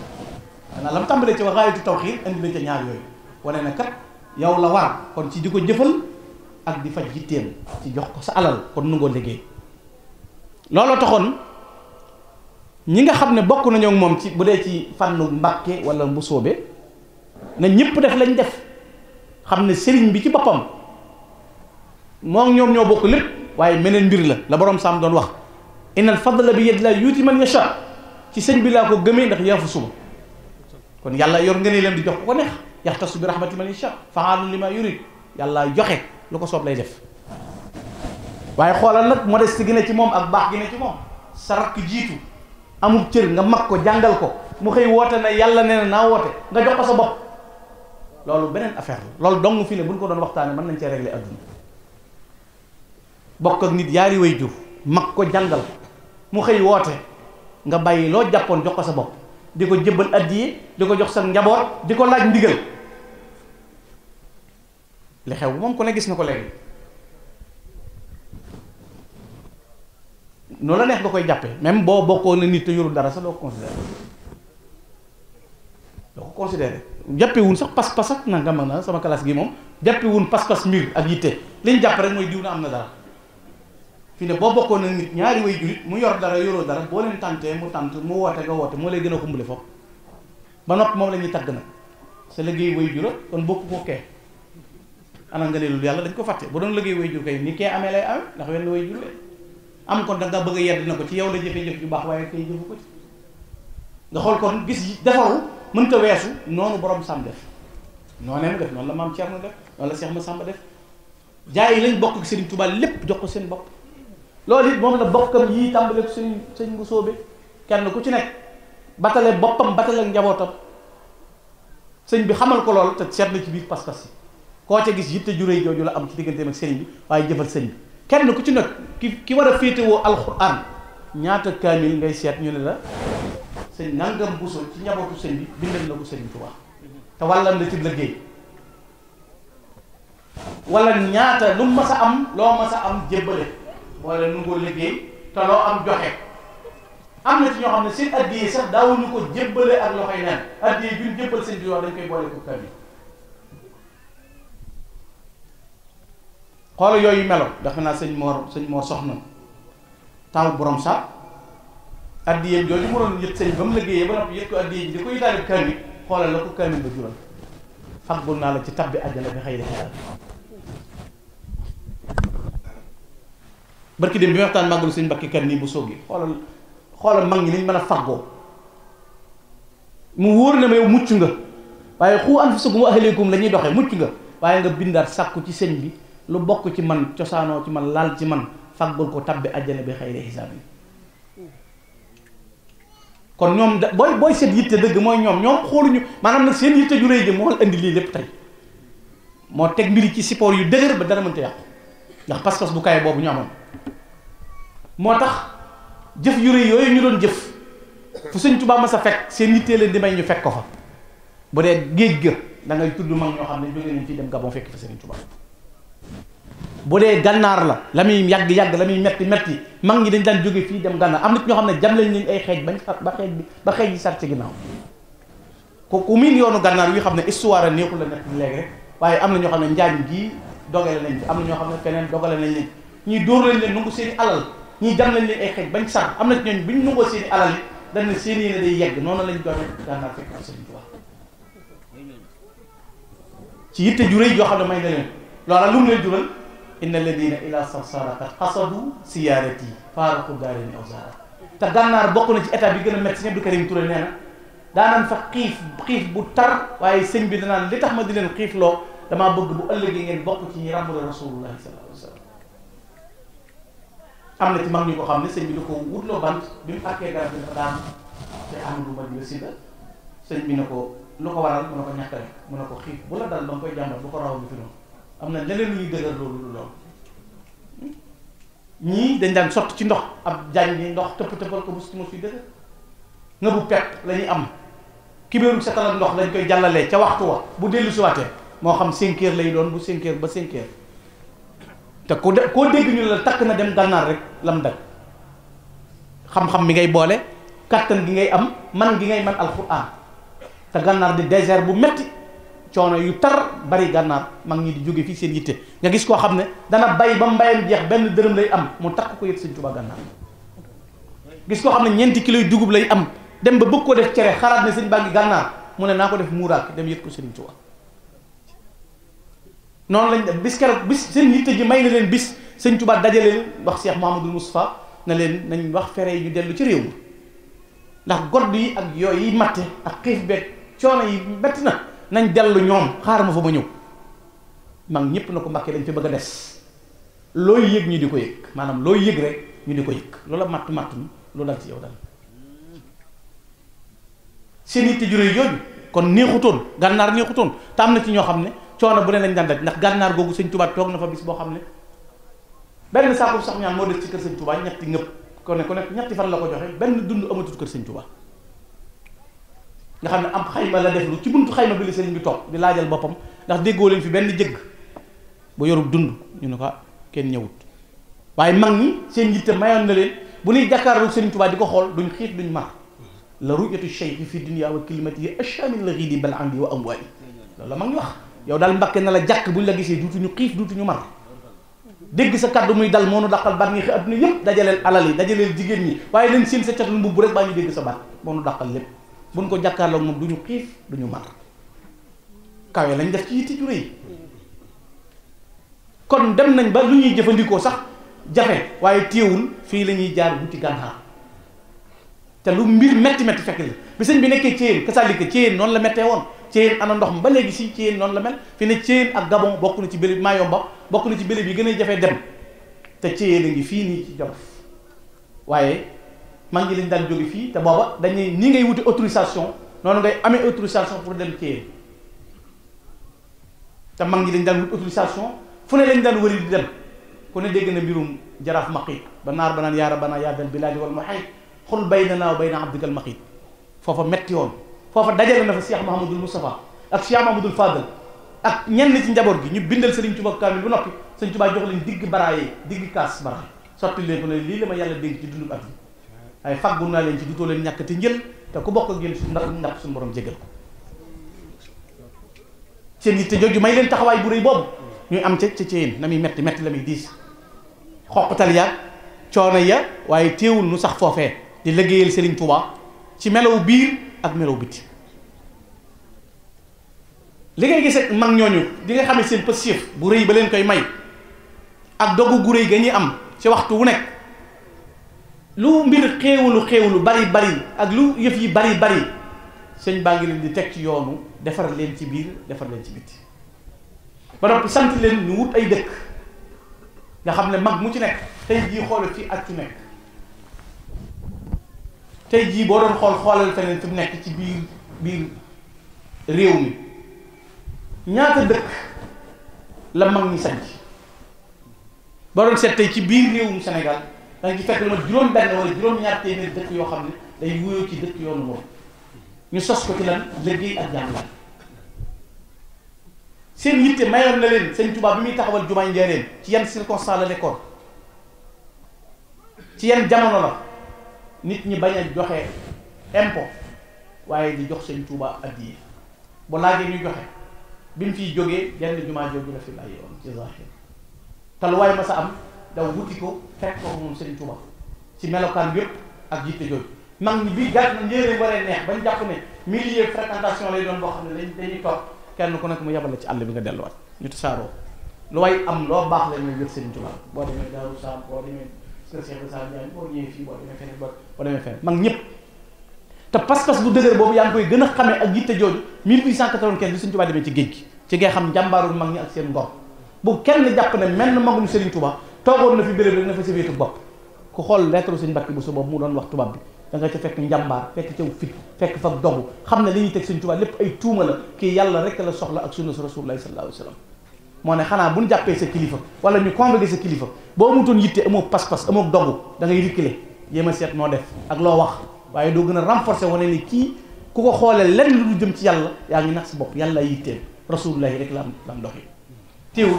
ana lam mu ci wa gaayatu andi indi na ca ñaar yoy wane na kat yow la war kon ci di jëfël ak di faj ci jox ko sa alal kon nu ngoo liggéey lolo taxone ñi nga xamne bokku nañu nañoo ci bu ci fannu mbacké wala mbusoobe na ñepp def lañ def xamne serigne bi ci mo ak ñom ñoo bokk lepp waye menen mbir la la borom sam doon wax inal fadla bi la yuti man yasha ci serigne bi la ko gëmee ndax ya fu suma kon yalla yor ngeene lam leen di jox ko neex yaxtasu bi rahmatil man yasha lima yurid yalla joxe lu ko sopp lay def waye xolal nak modeste gi ne ci mom ak bax gi ne ci mom sarak jitu amu amul nga mak ko jangal ko mu xey wote na yalla neena na wote nga jox ko sa bop lolou benen affaire la dong fi ne buñ ko doon waxtane man nañ ci régler aduna bokk ak nit yaari way jur mak ko jangal mu xey wote nga bayyi lo jàppoon jox ko sa bop diko ko jëbbal addiye di jox sa njaboot diko laaj ndigal li xew mom ko ne gis nako legi no la neex jappé même bo bokko na nit te yorul dara sa do considérer do ko jàppewun sax pass pas ak nangam ak na sama classe gi jappé wun pas-pas mbir ak yité liñ japp rek moy diw na dara fi ne bo bokko na nit ñaari way julit mu yor dara yoro dara bo leen tanté mu tant mu woote ga woote mo lay gëna kumbulé fop ba noppi mom lañuy tag tagg sa liggéey way jura kon bokk ko ké ana nga ne yalla dañ ko faté bu doon liggéey way jur kay ni ké amé lay am ndax wén way jur am kon da nga bëgg yedd na ko ci yow la jëfé jëf ju bax waye kay jëf ko ci nga xol kon gis defaw mën ta weesu noonu borom sàmm def nooneem def noonu la maam na def noonu la ma Massamba def jaay yi lañ bokk ak Serigne Touba lépp jox ko seen bopp loolu it moom la bokkam yii tàmbale ak sëñ sëñ bu sóobe kenn ku ci nekk batale boppam batale ak njabootam sëñ bi xamal ko lool te seet ci biir pas-pas yi koo ca gis yitte juré jooju la am ci digganteem ak sëriñ bi waaye jëfal sëñ bi kenn ku ci nekk ki ki war a féetewoo alxuraan ñaata kaamil ngay seet ñu ne la sëñ nangam buso ci njabootu sëñ bi bindal na ko sëñ Tuubaa te wàllam ci liggéey wala ñaata lu mas a am loo mas am jébbale wala nu ngoo liggéey te loo am joxe am na ci ñoo xam ne seen addiyee sax daawuñu ko jébbale ak loxoy naan addiyee juñ jébbal sëñ bi wax dañ koy boole ko kaamil xoolal yooyu melo dafa naa sëñ Mor sëñ Mor soxna taaw borom sa addiyem jooju mu doon yëpp sëñ ba mu liggéeyee ba noppi yëpp ko addiyem di ko yitaale kaamil xoolal la ko kaamil ba jural fàggul naa la ci tabbi àjjana bi xëy na barki dem bi waxtaan màggalu sëñ mbakki kan nii bu sóogi xoolal xoolal mag ñi niñ mën a faggoo mu wóor na ma yow mucc nga waaye xuu anfusakum wa ahlikum la ñuy doxee mucc nga waaye nga bindaat sàkku ci sëñ bi lu bokk ci man cosaanoo ci man laal ci man faggul ko tabbi àjjana bi xëy na xisaab yi kon ñoom da booy booy seet yitte dëgg mooy ñoom ñoom xooluñu maanaam nag seen yitte ju rëy ji moo indi lii lépp tey moo teg mbiri ci support yu dëgër ba dara mënta yàqu ndax pas-pas bu kaay boobu ñu amoon moo tax jëf yu rëy yooyu ñu doon jëf fu sëñ Tuubaa ma sa fekk seen yittee leen di may ñu fekk ko fa bu dee géej ga da tudd mag ñoo xam ne jóge nañ fii dem Gabon fekk fa sëriñ Tuubaa bu dee gànnaar la la muy yàgg-yàgg la muy metti metti mag ñi dañ daan jóge fii dem gànnaar am na ñoo xam ne jam lañ leen ay xeej bañ ba xeej bi ba xeej yi sar ci ginnaaw ku ku miin yoonu gànnaar yu xam ne histoire neexul la nekk waaye am na ñoo xam ne njaañ gii dogale nañ ci ñoo xam ne feneen dogale nañ leen ñii dóor leen nungu seen i alal ñii lañ leen ay xeej bañ sar am na ci ñooñ ñu nungoo seen alal yi dañ ne seen yéene day yegg noonu lañ doone gànnaar fekk sëriñ ci yitte ju rëy xam ne may na leen loola lu mu leen jural ان الذين الى صرصار قد قصدوا سيارتي فارقوا دارين او زارا تا غنار بوكو نتي ايتا بي غنا ميدسين عبد الكريم تورال نانا دا نان فا خيف خيف بو تار واي سين بي دانا لي تخ ما دي لين خيف لو دا ما بوغ بو الله غي بوكو تي رام رسول الله صلى الله عليه وسلم امنا تي ماغ نيكو خامني سين بي دوكو ووت لو بانت بيم اكي دار دي فدان تي ام لو ما دي سيدا سين بي نكو لوكو وارال مونكو نياكال مونكو خيف بولا دال بانكو جامال بوكو راو بي فيرو am na leneen lu ñuy dëgër loolu lu loolu ñii dañ daan sotti ci ndox ab jaañ ni ndox tëpp tëppal ko mos ci mos yu dëgër nga bu pepp lañuy am kibéeru setal ndox lañ koy jàllalee ca waxtu wa bu dellu si moo xam cinq heures lay doon bu cinq ba cinq te ku de ko dégg ñu la takk na dem gànnaar rek lam dag xam-xam bi ngay boole kàttan gi ngay am man gi ngay man alquran te gànnaar di désert bu metti coono yu tar bari gànnaar mag ñi di jóge fii seen yitte nga gis koo xam ne dana bay ba mbayam jeex benn dërëm lay am mu takk ko yët sëñ tuba gànnaar gis koo xam ne ñeenti kilo yu dugub lay am dem ba bëgg ko def cere xalaat ne sëñ baa ngi mu ne naa ko def muuraak dem yët ko sëriñ tuba noonu lañ bis keroog bis seen yitte ji may na leen bis sëñ tuba dajale wax Cheikh Mouhamadou Moustapha na leen nañ wax fere yi ñu dellu ci réew ndax godd yi ak yooyu yi matte ak xiif beeg coono yi metti na nañ dellu ñoom xaar ma fa ma ñëw mag ñëpp na ko mbàkkee dañ fi bëgg a des looy yëg ñu di ko yëg maanaam looy yëg rek ñu di ko yëg loola matt matt mi loolu dal ci yow dal seen itte jure jooju kon neexutoon gànnaar neexutoon te am na ci ñoo xam ne coono bu ne lañ daan daj ndax gànnaar googu sëñ Tuubaa toog na fa bis boo xam ne benn saako sax ñaan moo des ci kër sëñ Tuubaa ñetti ngëpp ko ne ko nekk ñetti fan la ko joxe benn dund amatul kër sëñ nga xam ne am xayma la def lu ci buntu xayma bi la sëriñ bi toog di laajal boppam ndax déggoo leen fi benn jëgg ba yorub dund ñu ne ko ah, kenn ñëwut waaye mag ñi seen yitte mayoon na leen bu nuy jàkkaarloo sëriñ Tuubaa di ko xool duñ xiif duñ mar la ruyatu cheikh fi dunia wa kilimatihi achamin la riidi bal andi wa amwaali loolu la mag ñu wax yow daal mbakke na la jàkk buñ la gisee duutuñu xiif duutuñu mar dégg sa kaddu muy dal moo nu dàqal baat ngi xi adduna yëpp dajaleel alal yi dajaleel jigéen ñi waaye leen seen sa catul mbubb rek baa ñu dégg sa baat moo nu dàqal lépp buñ ko jàkkaarloog moom du ñu xiif du ñu mar kawe lañ def ci yitti ju kon dem nañ ba lu ñuy jëfandikoo sax jafe waaye téewul fii la ñuy jaar wuti gànnaar te lu mbir metti metti fekk la bi sëñ bi nekkee Thièyène kasaalika Thièyène noonu la mettee woon Thièyène ana ndox mi ba léegi si Thièyène noonu la mel fi ne Thièyène ak Gabon bokk na ci béréb Mayomba bokku na ci béréb yi gën a jafe dem te Thièyène a ngi fii nii ci Jolof waaye mag ñi lañ daan jóge fii te booba dañuy nii ngay wuti autorisation noonu ngay amee autorisation pour dem Thiel te mag ñi dañ daan wuti autorisation fu ne lañ daan wëri di dem ku ne dégg na mbirum jaraaf maqiit ba naar ba naan yaa rabbana yaa dal bilaadi wal muhiit xul baynanaa wa bayna abdikal maqiit foofa metti woon foofa dajale na fa Cheikh Mahamadul Moustapha ak Cheikh Mahamadul Fadal ak ñenn ci njaboot gi ñu bindal Serigne Touba kaamil bu noppi s Touba jox leen digg baraaye digg kaas baraay sotti lii la ma yàlla dégg ci dundub at yi ay fagu na len ci len ñak ñàkkati njël te ku bokk ak yéen suñu ndax ndax suñu borom jéggal ko nit te joju may len taxaway bu reuy bob ñuy am ci ci ca nami metti metti la dis xoxtal ya Ciona ya waye teewul nu sax fofé di liggéeyal Serigne Touba ci melaw biir ak melaw biti li ngay gis mag ñooñu di nga xamé seen passif bu reuy ba len koy may ak dogu gu reuy gañi am ci waxtu wu nek lu mbir xéewalu xéewalu bari bari ak lu yëf yi bari bari sëñ baa ngi di teg ci yoonu defar leen ci biir defar leen ci biti ba noppi sant leen ñu wut ay dëkk nga xam mag mu ci nekk tey jii xoolal fii ak ci nekk tey jii boo doon xool xoolal feneen fi mu nekk ci biir biir réew mi ñaata dëkk la mag ñi sanc boo doon seet tey ci biir réewum Sénégal da nga ci fekk lu ma juróom benn wala juróom ñaar téeméer dëkk yoo xam ne day wuyoo ci dëkk yoonu woon ñu sos ko ci lan liggéey ak jàngale seen yitte mayoon na leen sëñ Tuubaa bi muy taxawal jumaay Njaaréem ci yan circonstance la nekkoon ci yan jamono la nit ñi bañ a joxe impôt waaye di jox sëñ Tuubaa addiye bu laajee ñu joxe bi mu fiy jógee jenn jumaa jooju la fi lay yoon ci zahir te waay ma sa am daw wuti ko fekk ko moom Serigne Touba ci melokaan yëpp ak yitte jooju mag ñi bii gàtt na njëriñ waree neex bañ jàpp boo xam ne dañ dañuy kenn ku nekk mu yabal la ci àll nga delluwaat ñu tasaaroo lu way am loo baax la ñuy wër Serigne Touba boo demee ñëpp te pas-pas bu dëgër a xamee ak yitte jooju 1895 bi Serigne Touba demee ci géej gi ci ngay xam njàmbaaru mag ñi ak seen ngor bu kenn jàpp ne menn magum Serigne Touba toogoon na fi béréb rek na fa sa wéetu bopp ku xool lettre suñ mbakki bu su mu doon wax tubaab bi da nga ca fekk njàmbaar fekk ca fit fekk fa dogu xam ne li ñuy teg suñ tubaab lépp ay tuuma la kii yàlla rek la soxla ak sunna rasulullahi sallallahu alayhi wa sallam moo ne xanaa bu ñu jàppee sa kilifa wala ñu convoqué sa kilifa boo amutoon yitte amoo pas-pas amoo dogu da ngay rikkile jéem a seet noo def ak loo wax waaye doo gën a renforcer wane ni kii ku ko xoolee lenn lu dul jëm ci yàlla yaa ngi nax sa bopp yàlla yitteem rasulullahi rek la am la am doxi teewul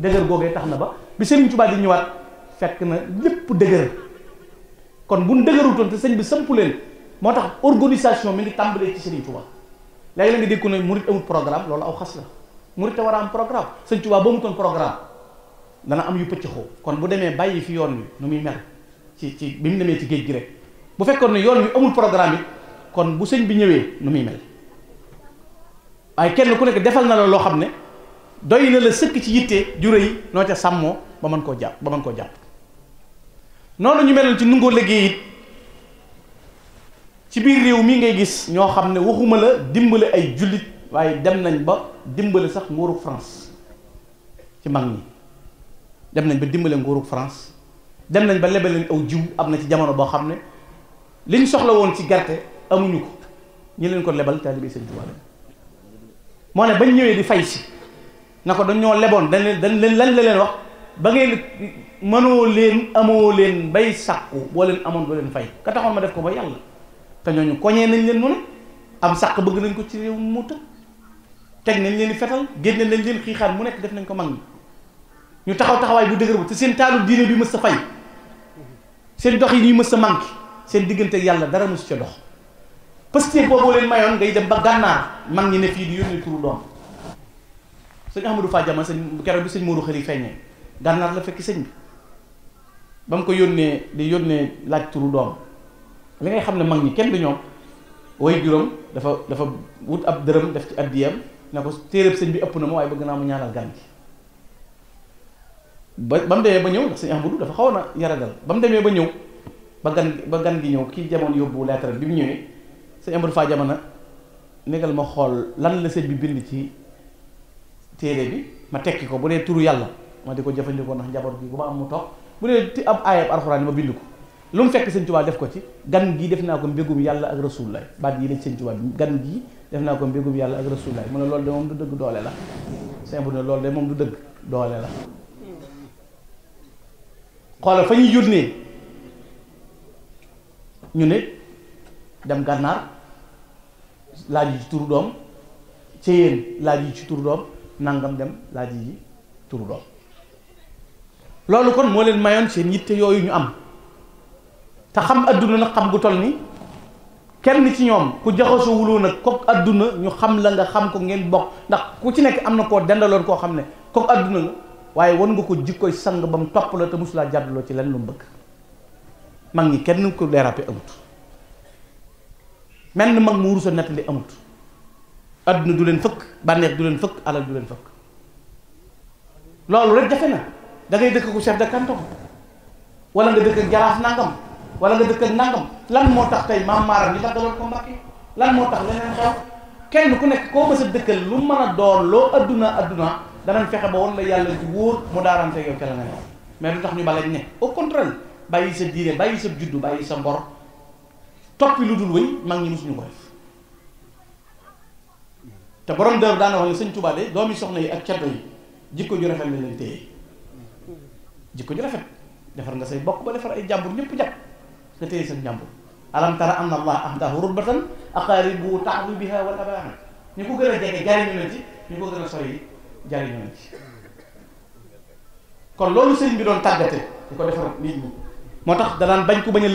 dëgër googee tax na ba bi Serigne Touba di ñëwaat fekk na lépp dëgër kon bu nu dëgërutoon te sëñ bi sampu leen moo tax organisation mi ngi tàmbalee ci Serigne Touba léegi la nga dégg ne murit amul programme loolu aw xas la murit programme sëñ Touba ba mu programme dana am yu pëccëxoo kon bu demee bàyyi fi yoon wi nu muy mel ci ci bi mu demee ci géej gi rek bu fekkoon ne yoon wi amul programme yi kon bu sëñ bi ñëwee nu muy mel waaye kenn ku nekk defal na la loo xam ne. doy na la sëkk ci yitte ju rëy noo ca sàmmoo ba man koo jàpp ba man koo jàpp noonu ñu melal ci nungoo liggéey ci biir réew mi ngay gis ñoo xam ne waxuma la dimbale ay jullit waaye dem nañ ba dimbale sax nguurug France ci mag ñi dem nañ ba dimbale nguurug France dem nañ ba lebal aw jiw am na ci jamono boo xam ne liñ soxla woon ci gerte amuñu ko ñi leen ko lebal taalibe Sëñ Tuubaa moo ne bañ ñëwee di fay si na ko dañ ñoo leboon dañ leen dañ leen lañ la leen wax ba ngeen mënoo leen amoo leen bay sàkku boo leen amoon doo leen fay ka taxoon ma def ko ba yàlla te ñooñu koñee nañ leen mu ne am sàq bëgg nañ ko ci réew mu të teg nañ leen di fetal génne nañ leen xiixaan mu nekk def nañ ko mag ñi ñu taxaw taxawaay bu dëgër bu te seen taalub diine bi mës sa fay seen dox yi ñuy mës sa manqué seen diggante yàlla dara mësu ca dox parce que boobu leen mayoon ngay dem ba gànnaar mag ñi ne fii di yónni turu doom sëñ Ahmadou Fa Jama sëñ keroog bi sëñ Modou Xëri feeñee gànnaar la fekk sëñ bi ba mu ko yónnee di yónnee laaj turu doom li ngay xam ne mag ñi kenn du ñoom way juróom dafa dafa wut ab dërëm def ci addiyam ne ko téeréb sëñ bi ëpp na ma waaye bëgg naa mu ñaanal gan gi ba ba mu demee ba ñëw ndax sëñ Ahmadou dafa xawoon a yaragal ba mu demee ba ñëw ba gan ba gan gi ñëw kii jamono yóbbu lettre bi mu ñëwee sëñ Ahmadou Fa Jama na négal ma xool lan la sëñ bi bind ci téere bi ma tekki ko bune turu yalla ma diko ko jëfandikoo ndax njaboot gi bu am mu tok bune dee ab aayab alquran ma bind ko lu mu fekk seigne touba def ko ci gan gi def na ko mbegum yalla ak rasulullah baat yi lañ seigne touba gan gi def na ko mbegum yalla ak rasulullah mune lol de mom du deug doole la simple ne lol de mom du deug doole la xol fa ñuy ñu ne dem gànnaar laaj ci turu dom ci yéen laaj ci turu dom nangam dem laaj yi turu doom loolu kon moo leen mayoon seen yitte yooyu ñu am te xam adduna nag xam gu toll ni kenn ci ñoom ku jaxasoo nag kook adduna ñu xam la nga xam ko ngeen bokk ndax ku ci nekk am na koo dendaloon koo xam ne kook adduna nga waaye wan nga ko jikkoy sang ba mu topp la te mosulaa jàdduloo ci lenn lu mu bëgg mag ñi kenn ku dérapé amut menn mag mu rusa nettali amut aduna du len fëkk banex du len fëkk alal du len fëkk lolou rek jafe na da ngay dekk ko chef de canton wala nga dekk ak jaraaf nangam wala nga dekk nangam lan mo tax tay mam mara ni ñu dalon ko Mbàkke lan mo tax lenen xaw kenn ku nek ko beus dekkal lu meuna a lo aduna aduna da nañ fexé ba won la yalla ci woor mu daranté yow kala la mais lu tax ñu balañ ne au contraire bayyi sa diine bayyi sa juddu bayyi sa mbor topi lu dul mag ñi musu ñu ko def te borom dër daana wax ni seigne touba de doomi soxna yi ak ceddo yi jikko ju rafet la leen téye jikko ju rafet defar nga say bokk ba defar ay jambour ñepp japp nga téye seigne jambour alam tara anna allah ahdahu rutbatan aqaribu taxwi biha wal abaana ni ko gëna jégué jari ñu ci ni ko gëna a sori jariñu na ci kon lolu seigne bi doon tàggate ko defar nit ñi motax da lan bañ ko bañ a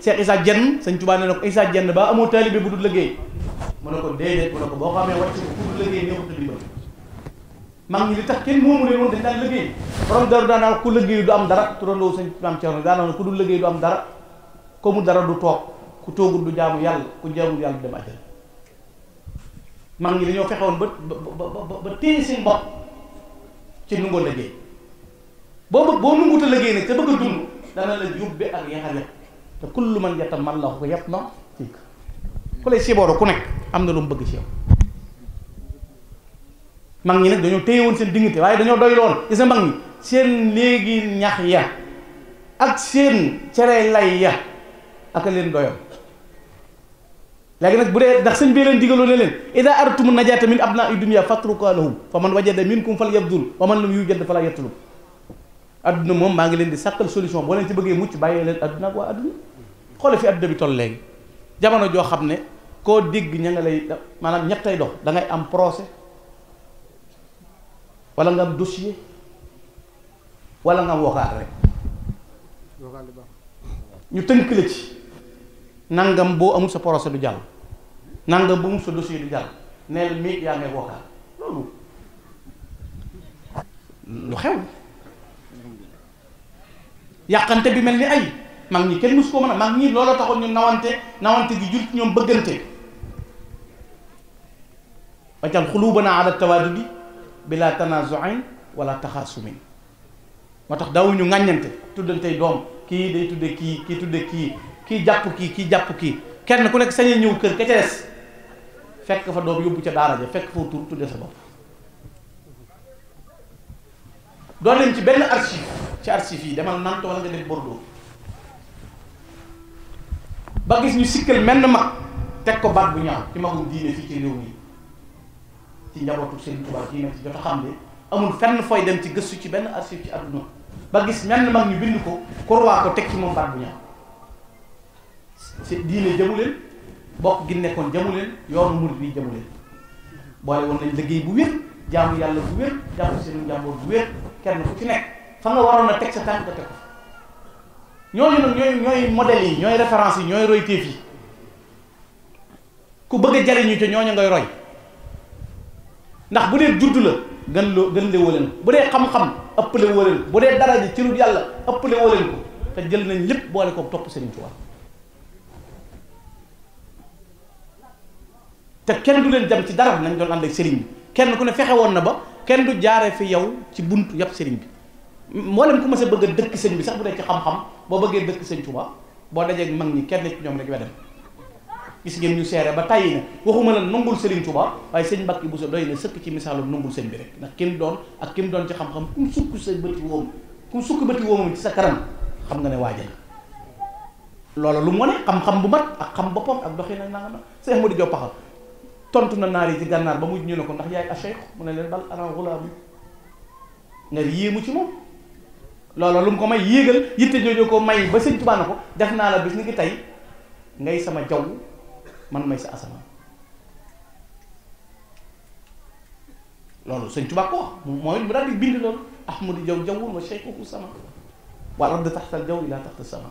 Cheikh isa jenn seigne touba ne ko isa jenn ba amu talibé bu dul mu ne ko déedéet mu ne ko boo xamee wàcc ko pour liggéey neexut a dimbali mag ñi li tax kenn moomu leen woon dañ daan liggéey borom du am dara turandoo sëñ maam Cerno daan naan ku dul liggéey du am dara ko mu dara du toog ku toogul du jaamu yàlla ku jaamul yàlla dem àjjana mag ñi dañoo fexewoon ba ba ba téye seen bopp ci nungoo liggéey boo bëgg boo nunguta liggéey nag te bëgg a dund dana la yóbbe ak yaxale te kullu man yatamallahu yatma ku lay sibooru ku nekk am na lu mu bëgg ci yow mag ñi nag dañoo téye woon seen dignité waaye dañoo doy loon gis mag ñi seen léegi ñax ya ak seen cere lay ya ak leen doyam léegi nag bu dee ndax sëñ bi leen digaloo ne leen ida aratum najaata min abnaa dunya fatruka lahum fa man wajada minkum fal yabdul wa man lam yujad fala yatlub adduna moom maa ngi leen di sàkkal solution boo leen ci bëggee mucc bàyyi leen adduna ak waa xoole fi adduna bi toll léegi jamono jo xamne ko koo dégg ña nga lay maanaam ñettay dox da ngay am procès wala nga am dossier wala nga am vocal rek ñu teunk la ci nangam bo amul sa procès du jall nangam bu mu sa dossier du jall neel mi ya ngay vocal lolu lu xew yakante bi melni ay mag ñi kenn mus koo mën a mag ñi loola taxoon ñu nawante nawante gi jur ci ñoom bëggante wajal xuluubana ala tawaadudi bila tanazuin wala taxaasumin moo tax daawuñu ŋàññante tuddantey doom kii day tudde kii kii tudde kii kii jàpp kii kii jàpp kii kenn ku nekk sañe ñëw kër ka ca des fekk fa doom yóbbu ca daara ja fekk foo tur tudde sa bopp doon nañ ci benn archive ci archive yi demal Nantes wala nga def Bordeaux ba gis ñu sikkal menn mag teg ko baat bu ñaaw ci magum diine fii ci réew mi ci njabootu Sëriñ Tuubaa ci nekk ci jot a xam ne amul fenn fooy dem ci gëstu ci benn archive ci àdduna ba gis menn mag ñu bind ko korwaa ko teg ci moom baat bu ñaaw si diine jëmu leen bokk gi nekkoon jëmu leen yoonu murid bi jëmu leen boole woon nañ liggéey bu wér jaamu yàlla bu wér jaamu seen njàmboor bu wér kenn ku ci nekk fa nga waroon a teg sa tànk nga teg ñooñu nag ñooy ñooy modèles yi ñooy référence yi ñooy royteef yi ku bëgg a jariñu ci ñooñu ngay roy ndax bu dee juddu la gën loo gën le wóoleen bu dee xam-xam ëppale wóoleen bu dee daraja ci lu yàlla ëppale wóoleen ko te jël nañ lépp boole ko topp Sëriñ Tuubaa te kenn du leen jam ci dara nañ doon ànd ak sëriñ bi kenn ku ne fexe woon na ba kenn du jaare fi yow ci bunt yàpp sëriñ bi mboolem ku ma sa bëgg dëkk sëñ bi sax bu dee ci xam-xam boo bëggee dëkk sëñ Tuubaa boo dajee mag ñi kenn ci ñoom rek weddam gis ngeen ñu seere ba tàyyi na waxuma la nungul sëriñ Tuubaa waaye sëñ Mbàkke Buso doy na sëkk ci misaalum nungul sëñ bi rek ndax doon ak kim doon ci xam-xam kum sukk sa bëti wóom kum sukk bëti wóomam ci sa kanam xam nga ne waajal lu mu wane xam-xam bu mag ak xam boppam ak doxi na naa na Seex Modi Joop Paxal tontu na naar yi ci gànnaar ba mujj ñu ne ko ndax yaay a cheikh mu ne leen bal ana gulaam nga yéemu ci moom loola mu ko may yéegal yitte jooju ko may ba sëñ Tuubaa na ko def naa la bis ni ki tey ngay sama jaww man may sa asamaan loolu sëñ Tuubaa ko wax mooy mu daal di bind loolu ahmadu jaw jawwun wa shaykhuhu sama wal ardu taxta al jaw ila taxta sama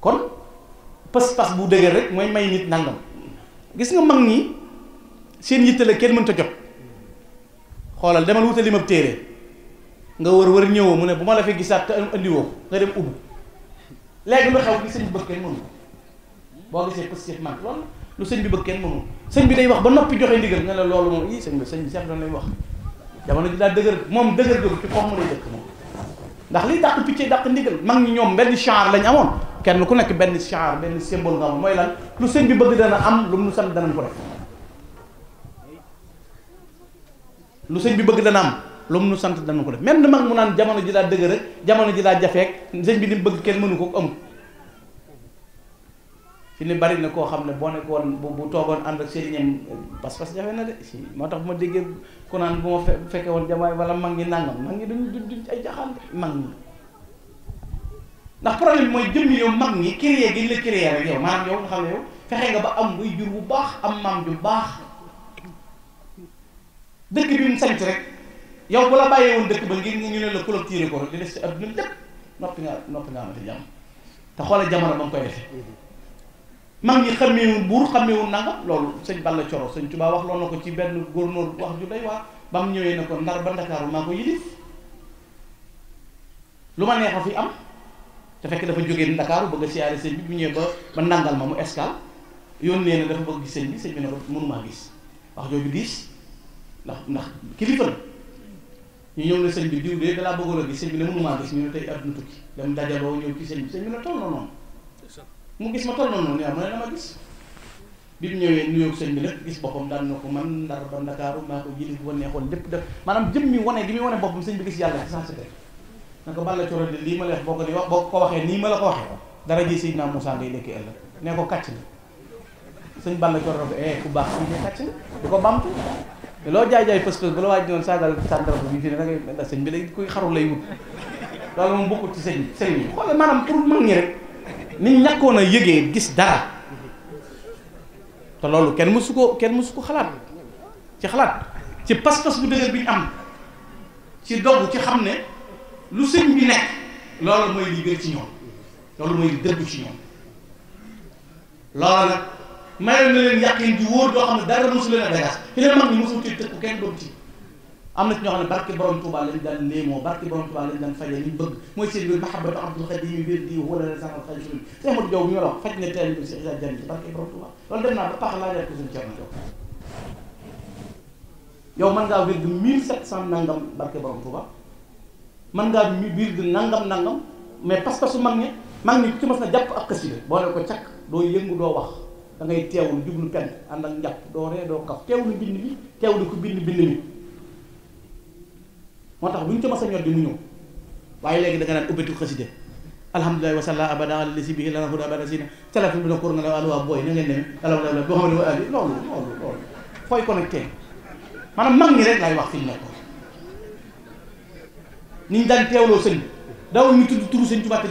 kon pas-pas bu dëgër rek mooy may nit nangam gis nga mag ñi seen yitte la kenn mënta jot xoolal demal wutali ma téere nga wër wër ñëwoo mu ne bu ma la fi gisaat te andiwoo nga dem ubbi léegi lu xew li sëñ bi bëgg kenn mënu boo gisee positif man loolu lu sëñ bi bëgg kenn mënu sëñ bi day wax ba noppi joxe ndigal nga ne loolu moom i sëñ bi sëñ bi seet doon lay wax jamono ji daal dëgër moom dëgër googu ndax liy dàq picc dàq ndigal mag ñi ñoom benn char lañ amoon kenn ku nekk benn char benn symbole nga mooy lan lu sëñ bi bëgg dana am lu mu sam sant danañ def lu sëñ bi bëgg dana am lu nu sant dañ ko def même mag mu nan jamono ji la deug rek jamono ji la jafeek señ bi ni bëgg kenn mënu ko am fi ni bari na xamne bo ne ko won bu bu toogoon ànd ak sëriñam pas-pas jafé na de si motax tax bu ma déggee ku naan bu ma jamaay wala mag ñi nangam mag ñi duñ duñ ay jaxal mag ñi ndax problème moy jëmm jëmmi yow mag ni créé gi la créé rek yow maanaam yow nga xam yow fexé nga ba am buy jur bu baax am mam ju baax dëkk bi mu sant rek yow bu la bàyyee woon dëkk ba ngir ñu ne la clôturer ko di def ci ñun lépp noppi nga noppi nga amati jam te xoolal jamono ba nga koy defee mm-hmm. mag ñi xameewul buur xameewul nangam loolu sëñ Balla Coro sëñ tuba wax loolu na ko ci benn góornóor wax ju doy waar ba mu ñëwee ne ko ndar ba ndakaaru maa ko yilif lu ma neexa fi am te fekk dafa jógee ndakaaru bëgg a siyaare sëñ bi bu ñëwee ba ba nangal ma mu escale yónnee na dafa bëgg gis sëñ bi sëñ bi ne ko mënumaa gis wax jooju diis ndax ndax kilifa la ñu ñëw ne sëñ bi diw de dalaa bëggoon a gis sëñ bi ne mënumaa gis ñu ne tey àdduna tukki dem dajaloo ñëw ci sëñ bi ne toll noonu mu gis ma toll noonu ma ne dama gis bi mu ñëwee nuyoog sëñ bi nag gis boppam daan na ko man ndar ba ndakaaru maa ko jiite bu ko neexoon lépp def maanaam jëm mi wane gi muy wane boppam señ bi gis yàlla ci sensité na ko balla coro de lii ma la wax boo ko di wax boo ko waxee nii ma la ko waxee dara ji Seydina Moussa ngay dëkk ëllëg ne ko kàcc na sëñ balla coro ko eh baax sëñ bi te loo jaay jaay fës-fës bu la waaj noonu saagal sàndara bu ñu fi ne da ngay da sëñ bi léegi kuy xarul lay wut loolu moom bokkul ci sëñ sëñ bi xoolal maanaam pour mag ñi rek ni ñàkkoon a yëgee gis dara te loolu kenn mësu ko kenn mësu ko xalaat ci xalaat ci pas-pas bu dëgër bi ñu am ci dogg ci xam ne lu sëñ bi nekk loolu mooy li gën ci ñoom loolu mooy li dëgg ci ñoom loolu nag mayal na leen yàqin ju wóor doo xam am na ci ñoo ne barke borom Touba lañ daan léemoo barke borom Touba lañ daan fajee liñ la sanal xay sun Cheikh Modou Diaw bi ma la wax na teel bi si isa dem naa ba tax laa leer ko suñu Cerno Diaw yow mën ngaa wér di mille sept cent nangam barke borom Touba mën ngaa wér di nangam nangam mais parce que su mag ñi mag ñi ci ma na jàpp ak xasida boo ne ko càkk doo yëngu doo wax da ngay teewlu jublu penn ànd ak njàpp doo ree doo kaf teewlu bind bi teewlu ku bind bind mi moo tax bu ñu ca mas a ñor di mu ñëw waaye léegi da nga naan ubbetu xasida alhamdulilah wasalla abada ala lasi bihi lana huda abada sina salatu bi na koor nga la alu waa booy boo xam ne wa loolu loolu loolu fooy connecté maanaam mag ñi rek laay wax fi ñu nekk ni ñu daan teewloo sëñ daaw ñu tudd turu sëñ Tuubaa te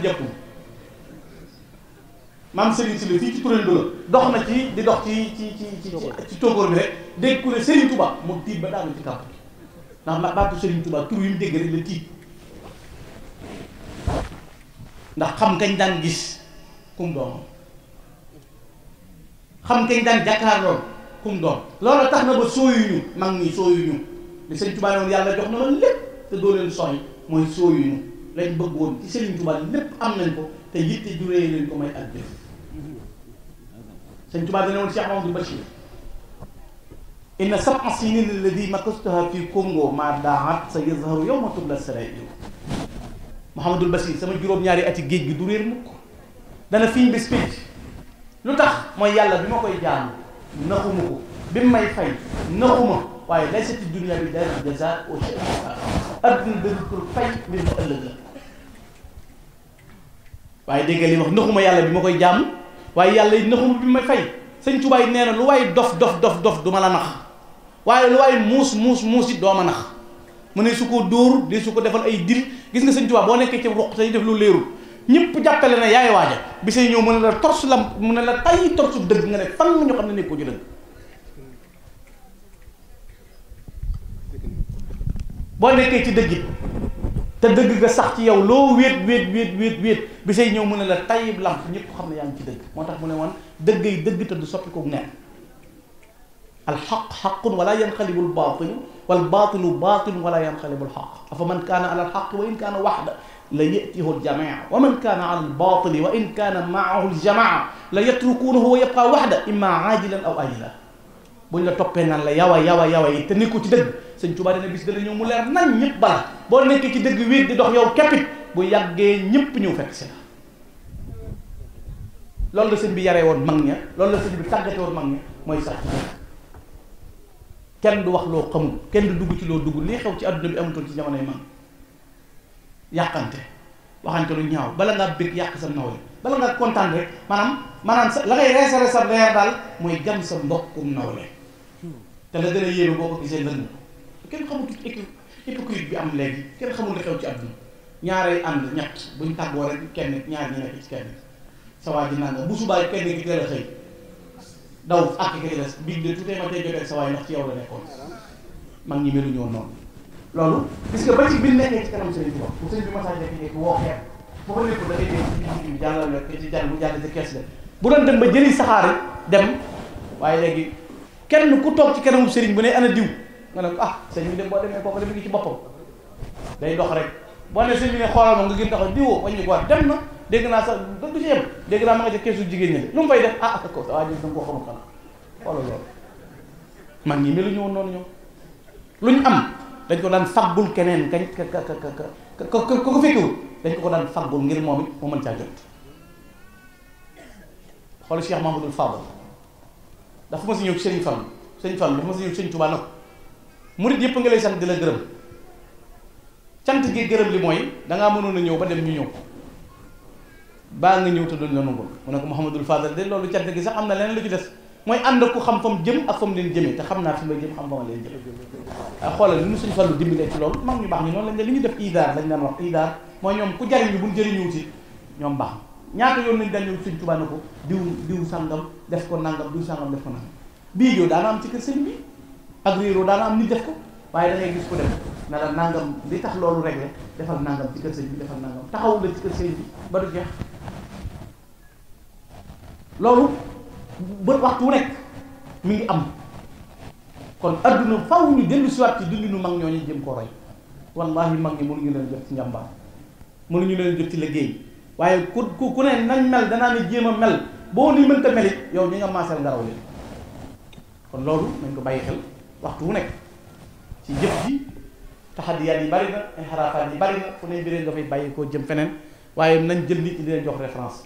maam Serigne Sylla fii ci kuréel dula dox na ci di dox ci ci ci ci ci tóogóor bi dégg ku ne Serigne Touba moom tiit ba daanu ci kàpp ndax ndax baatu Serigne Touba tur yu mu dégg rek la tiit ndax xam kañ daan gis kum doon xam kañ daan jàkkaarloo kum lool loolu tax na ba sooyuñu mag ñi sooyuñu li Serigne Touba noonu yàlla jox na lépp te doo leen soñ mooy sooyuñu lañ bëgg woon ci Serigne Touba lépp am nañ ko te yitte juree leen ko may ak jëf سيدنا توبا دنا ولي شيخ بشير ان سبع سنين الذي مكثتها في كونغو ما داعت سيظهر يوم تبلى السرائر محمد البسيط سما جروب نياري اتي جيج دو رير موك دا نا فين بسبيت لوتاخ ما يالا بما كاي جام نخومكو بيم ماي فاي نخوما واي ليست الدنيا بدار الجزاء وشيء ادن بذكر فاي من مؤلف واي ديغالي واخ نخوما يالا بما كاي جام waaye yàlla yi naxul bi may fay sëñ Tuubaa nee na lu waay dof dof dof dof du ma la nax waaye lu waay muus muus muus it doo ma nax mu ne su ko dóor de su ko defal ay dil gis nga sëñ Tuubaa boo nekkee ci ruq tey def lu ñëpp jàppale na yaay waaja bi say ñëw mu ne la tors la mu ne la tay torsu dëgg nga ne fan la ñu xam ne nekkoo ci dëgg boo dëgg te dëgg ga sax ci yow loo wéet wéet wéet wéet wéet bi say ñëw mu ne la tayib lamp ñëpp xam ne yaa ngi ci dëgg moo tax mu ne woon dëgg yi dëgg te du soppi ko neen al xaq xaqun wala yanqalibu al baatilu wal baatilu baatilun wala yanqalibu al xaq afa man kaana ala al xaq wa in kaana waxda la yatihu al jamaa wa man kaana ala al baatili wa in kaana maahu al jamaa la yatrukunahu wa yabqa waxda imma aajilan aw ajilan buñ la toppee naan la yawa yawa yawa yi te nekkoo ci dëgg sëñ Tuubaa dina bis dana ñëw mu leer nañ ñëpp bala boo nekkee ci dëgg wéet di dox yow keppit bu yàggee ñëpp ñëw fekk si la loolu la sëñ bi yare woon mag ña loolu la sëñ bi tàggate woon mag ña mooy sax kenn du wax loo xamul kenn du dugg ci loo dugg lii xew ci àdduna bi amutoon ci jamonoy mag yàqante waxante lu ñaaw bala ngaa bëgg yàq sa nawle bala ngaa kontaan rek maanaam maanaam sa la ngay reesare sa reer daal mooy gam sa mbokkum nawle te la gën a kenn xamul hypocrite bi am léegi kenn xamul li xew ci àdduna ñaaree ànd ñett buñ tàggoo rek kenn ñaar ñi nekk ci kenn sa waay ji nanga bu subaa kenn ki teel a xëy daw ak ki ndax ci yow la nekkoon mag ñi meluñu woon noonu loolu parce que ba ci biir nekkee ci kanam sëriñ bi wax bu sëriñ bi masaa nekk woo xeet bu ko nekkul da ngay dégg ci bi jàll bu jàll ci kees la bu doon dem ba jëli saxaar dem waaye léegi kenn ku toog ci kanamu sëriñ bu ne ana diw nga nak ah sëñ bi dem bo demee kooku de mi ngi ci bopam day dox rek bo ne sëñ bi xolal mo nga gën taxaw diwo wañ ñi ko dem na dégg na sa du ci yem dégg na ma nga ci kessu jigéen ñi lu fay def ah ko sa waa ji ko xam xam xolal xoolal man mag ñi melu ñu woon noonu ñoom lu am dañ ko daan sabul keneen kañ ka ka ka ka ka ka ko fekkul dañ ko ko daan sabul ngir momit mo man ca caa jot xool Cheikh Mamadou Fadal dafa ma ci ñew ci sëñ fam sëñ fam dafa ma ci ñew ci sëñ Touba nag murit yëpp nga lay sant di la gërëm cant gi gërëm li mooy dangaa mënoon a ñëw ba dem ñu ñëw baa nga ñëw te duñ la nangul mu ne ko Mouhamadul Fadal de loolu cant gi a am na leneen lu ci des mooy ànd ku xam fam jëm ak fam xam naa fi may jëm xam fam leen jëm waaw ah, xoolal li ñu suñ fallu dimbalee ci baax ñu noonu lañ li ñu def idaar lañ daan wax idaar mooy ñoom ku jariñu buñ jëriñu ci ñoom baax ñaata yoon nañ daan ñëw suñ tubaab na ko diw diw sàngam def ko nangam diw sàngam def ko nangam bii yow daana am ci kër sëñ bi ak réeroo daana am nit def ko waaye da ngay gis ku dem ne la nangam li tax loolu rek defal nangam ci kër sëñ bi defal nangam taxawul la ci kër sëñ bi ba du jeex loolu ba waxtu wu nekk mu ngi am kon adduna faw ñu dellu siwaat ci nu mag ñooñu jëm ko roy wallahi mag ñi mënuñu leen jot ci njàmbaar mënuñu leen jot ci liggéey waaye ku ku ku ne nañ mel danaa ne jéem a mel boo ni mënta melit yow ñi nga maasal ngaraw leen kon loolu nañ ko bàyyi xel waxtu wu nekk ci jëf ji taxadiyaat yi bari na inxaraafaat yi bari na fu ne mbiree nga fay bàyyi koo jëm feneen waaye nañ jël nit ñi di leen jox référence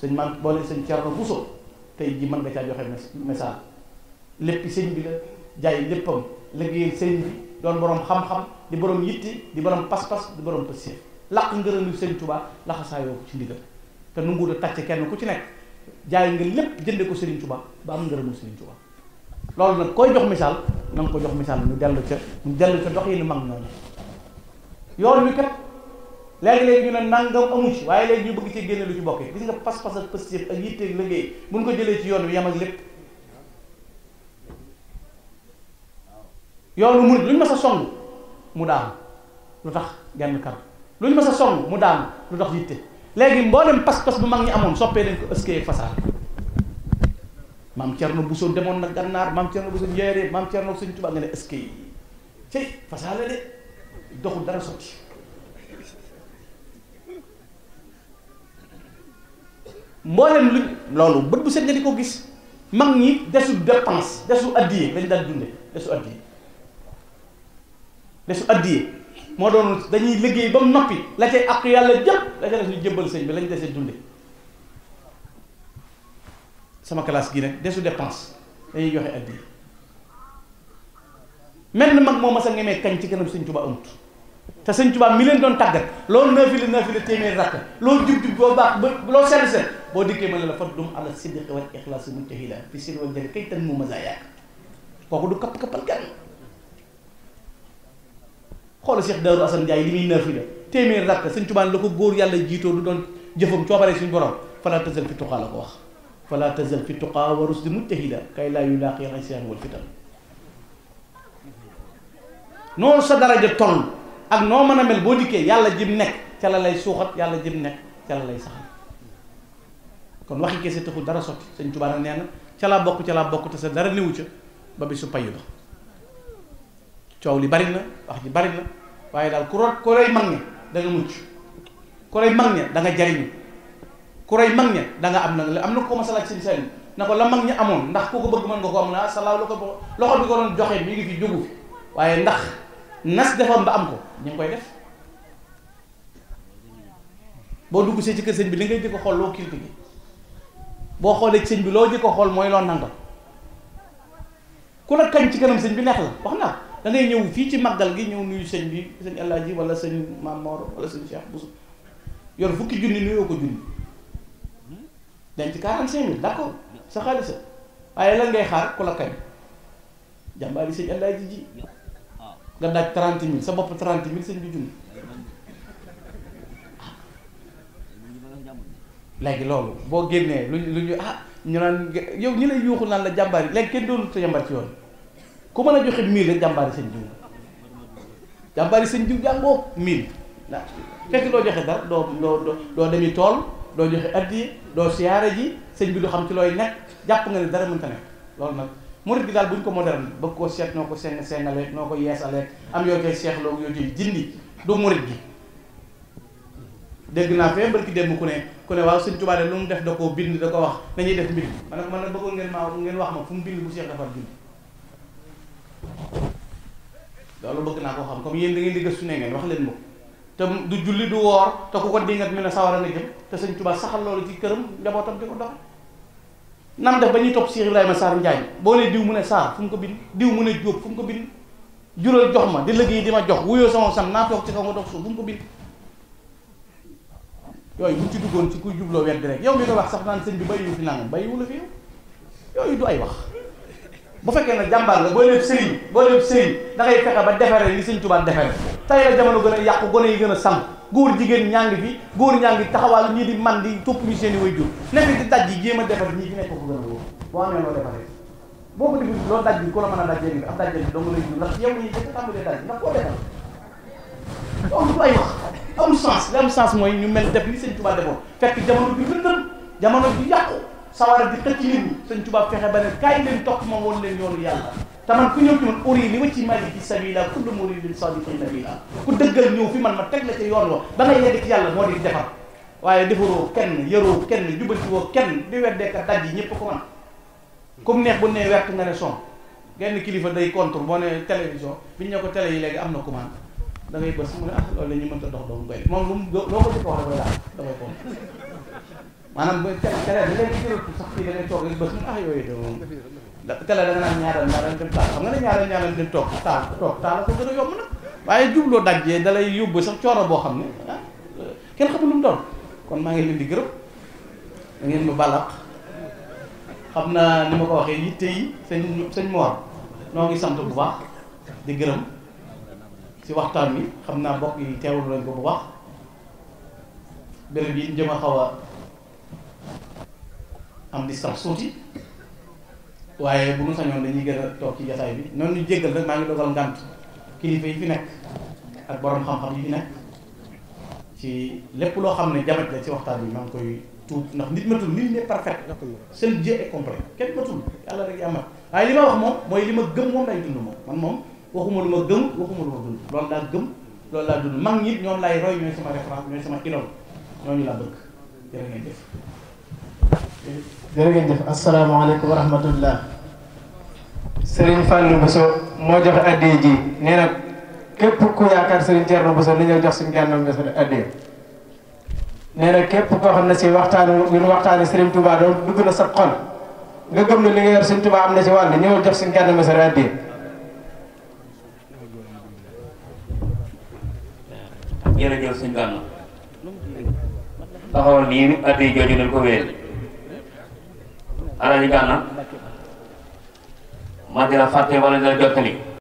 sëñ man boole sëñ Thierno Bousso tey jii man nga caa joxe message lépp sëñ bi la jaay léppam liggéeyal sëñ bi doon borom xam-xam di borom yitti di borom pas-pas di borom pësir laq ngërëmu sëñ Touba laxasaayoo ko ci ndigal te nu nguur a tàcc kenn ku ci nekk jaay nga lépp jënde ko sëriñ Touba ba am ngërëmu sëriñ Touba loolu nag koy na ko jox misaal ñu dellu ca ñu dellu ca dox yi lu mag ñooñu yoon wi kat léegi-léegi ñu ne nangam amu ci waaye léegi ñu bëgg ci génne lu ci bokkee gis nga pas-pas ak positif ak yitte ak liggéey buñ ko jëlee ci yoon wi yem ak lépp yoonu murid lu ñu mas a mu daanu lu tax genn kar lu ñu mas a mu daanu lu tax yitte léegi mboolem pas-pas bu mag ñi amoon soppee nañ ko ëskee fasaal maam bu Bousso demoon na gànnaar maam Thierno Bousso njeere maam Thierno Sëñ Tuubaa nga ne est-ce que yi cey fasaale de doxul dara sotti mboolem luñ loolu bët bu set nga di ko gis mag ñi desu dépense desu addiye lañ daan dunde desu addiye desu addiye moo doon dañuy liggéey ba noppi la cay àqu yàlla jëpp la ca def ñu jëbbal sëñ bi lañ desee dunde sama classe gi nag desu dépense dañuy joxe addiya mel na mag moo ma sa ngemee kañ ci kanam sëñ Tuubaa amut te sëñ Tuubaa mi leen doon tàggat loolu naafila naafila téeméeri rakk loo jub jub loo sell boo dikkee ma ne la faddum ala sidqi wal ixlaasi mujtahida fi sir wal kooku du kapp kappal gan xoolal Cheikh Darou Assane Ndiaye li muy naafila téeméeri rakk la ko góor yàlla jiitoo du doon jëfam coobaree suñu borom fanaa tësal fi tuxaa la ko wax فلا تزل في التقى والرشد مجتهدا كي لا يلاقي العصيان والفتن noo sa daraja toll ak noo mën a mel boo dikkee yàlla jëm nekk ca la lay suuxat yàlla jëm nekk ca la lay saxal kon waxi kese taxul dara sotti sëñ Tuubaa nag nee na ca laa bokk ca laa bokk te sa dara néewu ca ba bi su payu ba coow li bari na wax ji bari na waaye daal ku rot ku lay mag ña da nga mucc ku lay mag ña da nga jariñu ku roy mag ña da nga am nag am na ko ma salaat seen seen na ko la mag ña amoon ndax koo ko bëgg mën nga ko am na ko loxo bi ko doon joxe mi ngi fi jógu fi waaye ndax nas defoon ba am ko ñu ngi koy def boo dugg see ci kër sëñ bi li ngay jëkk xool loo kilte gi xoolee sëñ bi loo jëkk xool mooy loo nangal ku la kañ ci kanam sëñ bi neex la wax naa da ngay ñëw fii ci màggal gi ñëw nuyu sëñ bi sëñ Alaaji wala sëñ Mamor wala sëñ Cheikh Bousso yor fukki junni nuyoo ko junni denc 45000 d'accord sa xaalis sa waaye lan ngay xaar ku la kañ jàmbaari sëñ àndaay ji ji nga daaj 30000 sa bopp 30000 sëñ bi junni léegi loolu boo génnee lu lu ñu ah ñu naan yow ñi lay yuuxu naan la jàmbaar yi léegi kenn doonul te jàmbaar ci yoon ku mën a joxe 1000 rek jàmbaari sëñ jiw jàmbaari sëñ jiw jàngoo 1000 ndax fekk doo joxe dara doo doo doo demi tool doo joxe addiya doo siyaare ji sëñ bi du xam ci looy nekk jàpp nga ne dara mënta nekk loolu nag murid bi daal bu ñu ko moderne bëgg koo seet noo ko seen sengaleeg noo ko yeesaleeg am yoo koy seexloo yoo koy jindi du murid gi naa fee mbërki démb ku ne ku ne waaw sëñ Tuubaa de mu def da koo bind da ko wax nañuy def mbind man nag man nag bëggoon ngeen maa ngeen wax ma fu mu bind bu seex dafa bind loolu bëgg naa koo xam comme yéen da ngeen di gëstu ne ngeen wax leen ma te du julli du wor te ku ko dingat ñu ne sawara na jëm te sëñ Tuubaa saxal lolu ci kërëm njabootam di ko doxal nam def ba top Cheikh Ibrahima sar Njaañ bo ne diw mu ne sar fu ko bind diw mu ne Jóob fu ko bind jural jox ma di liggey di ma jox wuyo sama sam na tok ci ko dox su suuf fu ko bind yoy buñ ci duggoon ci ku jublo wedd rek yow mi ko wax sax nan sëñ bi bayu fi nang bayu la fi yow du ay wax bu fekkee ne jàmbaar la boo lépp sëriñ boo lépp sëriñ da ngay fexe ba defaree li sëñ Tuubaa defere tey gën a yàqu gone yi gën a sàmm góor jigéen ñaa ngi góor ñaa ngi taxawal ñii di man di topp ñu seen i way di a defar ñii a wóor boo amee loo defaree boo ko defee loo daj bi ku a dajee bi am dajee bi dong lay jur ndax yow lañuy jëkk tàmbalee daj ndax koo defar amul ay wax amul sens li am sens mooy li sëñ Tuubaa defoon fekk jamono bi lëndëm jamono bi yàqu sawara di xëcc nit ñi sëñ Tuubaa fexe ba ne kaay leen topp ma woon leen yoonu yàlla te man ku ñëw ci man uri li wa ci maliki sabila kullu muridin sadiqin nabila ku dëggal ñëw fi man ma teg la ca yoon wa ba ngay yegg ci yàlla moo di defar waaye defaroo kenn yaroo kenn jubantiwoo kenn di weddeka daj yi ñëpp ko man comme neex bu ne wert nga son genn kilifa day contre boo ne télévision biñ ne ko télé yi léegi am na commande da ngay bës mu ne ah, loolu la ñu mënta dox doomu béy moom lu mu loo ko jëkk wax da daal da koy maanaam bu tele bi leen jërótu sax yooyu de moom tele naan ñaaral ñaaral dem taal xam nga ne ñaaral ñaaral dem toog taal toog taal ko gën a yomb nag waaye jubloo dajjee da lay yóbbu sax coono boo xam ne kenn xamul lu mu doon kon maa ngi leen di gërëm da mu ma xam naa ni ma ko waxee yitte yi sëñ sëñ Mor noo ngi sant bu baax di gërëm si waxtaan wi xam naa mbokk yi teewul lañ ko bu baax béréb yi jëm a am distance tuuti waaye bu sa sañoon dañuy gën a toog ci jotaay bi noonu ñu jéggal rek maa ngi dogal ngànt kilifa yi fi nekk ak boroom xam-xam yi fi nekk ci lépp loo xam ne jabat la ci waxtaan bi maa ngi koy tuub ndax nit matul nit ne parfait seen Dieu est complet kenn matul yàlla rek amat waaye li ma wax moom mooy li ma gëm moom lay dund moom man moom waxuma lu ma gëm waxuma lu ma dund loolu laa gëm loolu laa dund mag ñi ñoom laay roy ñooy sama référence ñooy sama idole ñooñu jërë ngeen jëf asalaamaaleykum wa rahmatullah Serigne Fallou Bousso moo jox addiya ji nee na képp ku yaakaar Serigne Thierno Bousso ni ñëw jox suñu gànnaaw Bousso addiya nee na képp koo xam ne si waxtaanu ñun waxtaani Serigne Touba doon dugg na sa xol nga gëm ne li nga yor Serigne Touba am na si wàll ñëwal jox suñu gànnaaw Bousso ko wéyal alal yi gànna ma dina fàtte wala dina jottali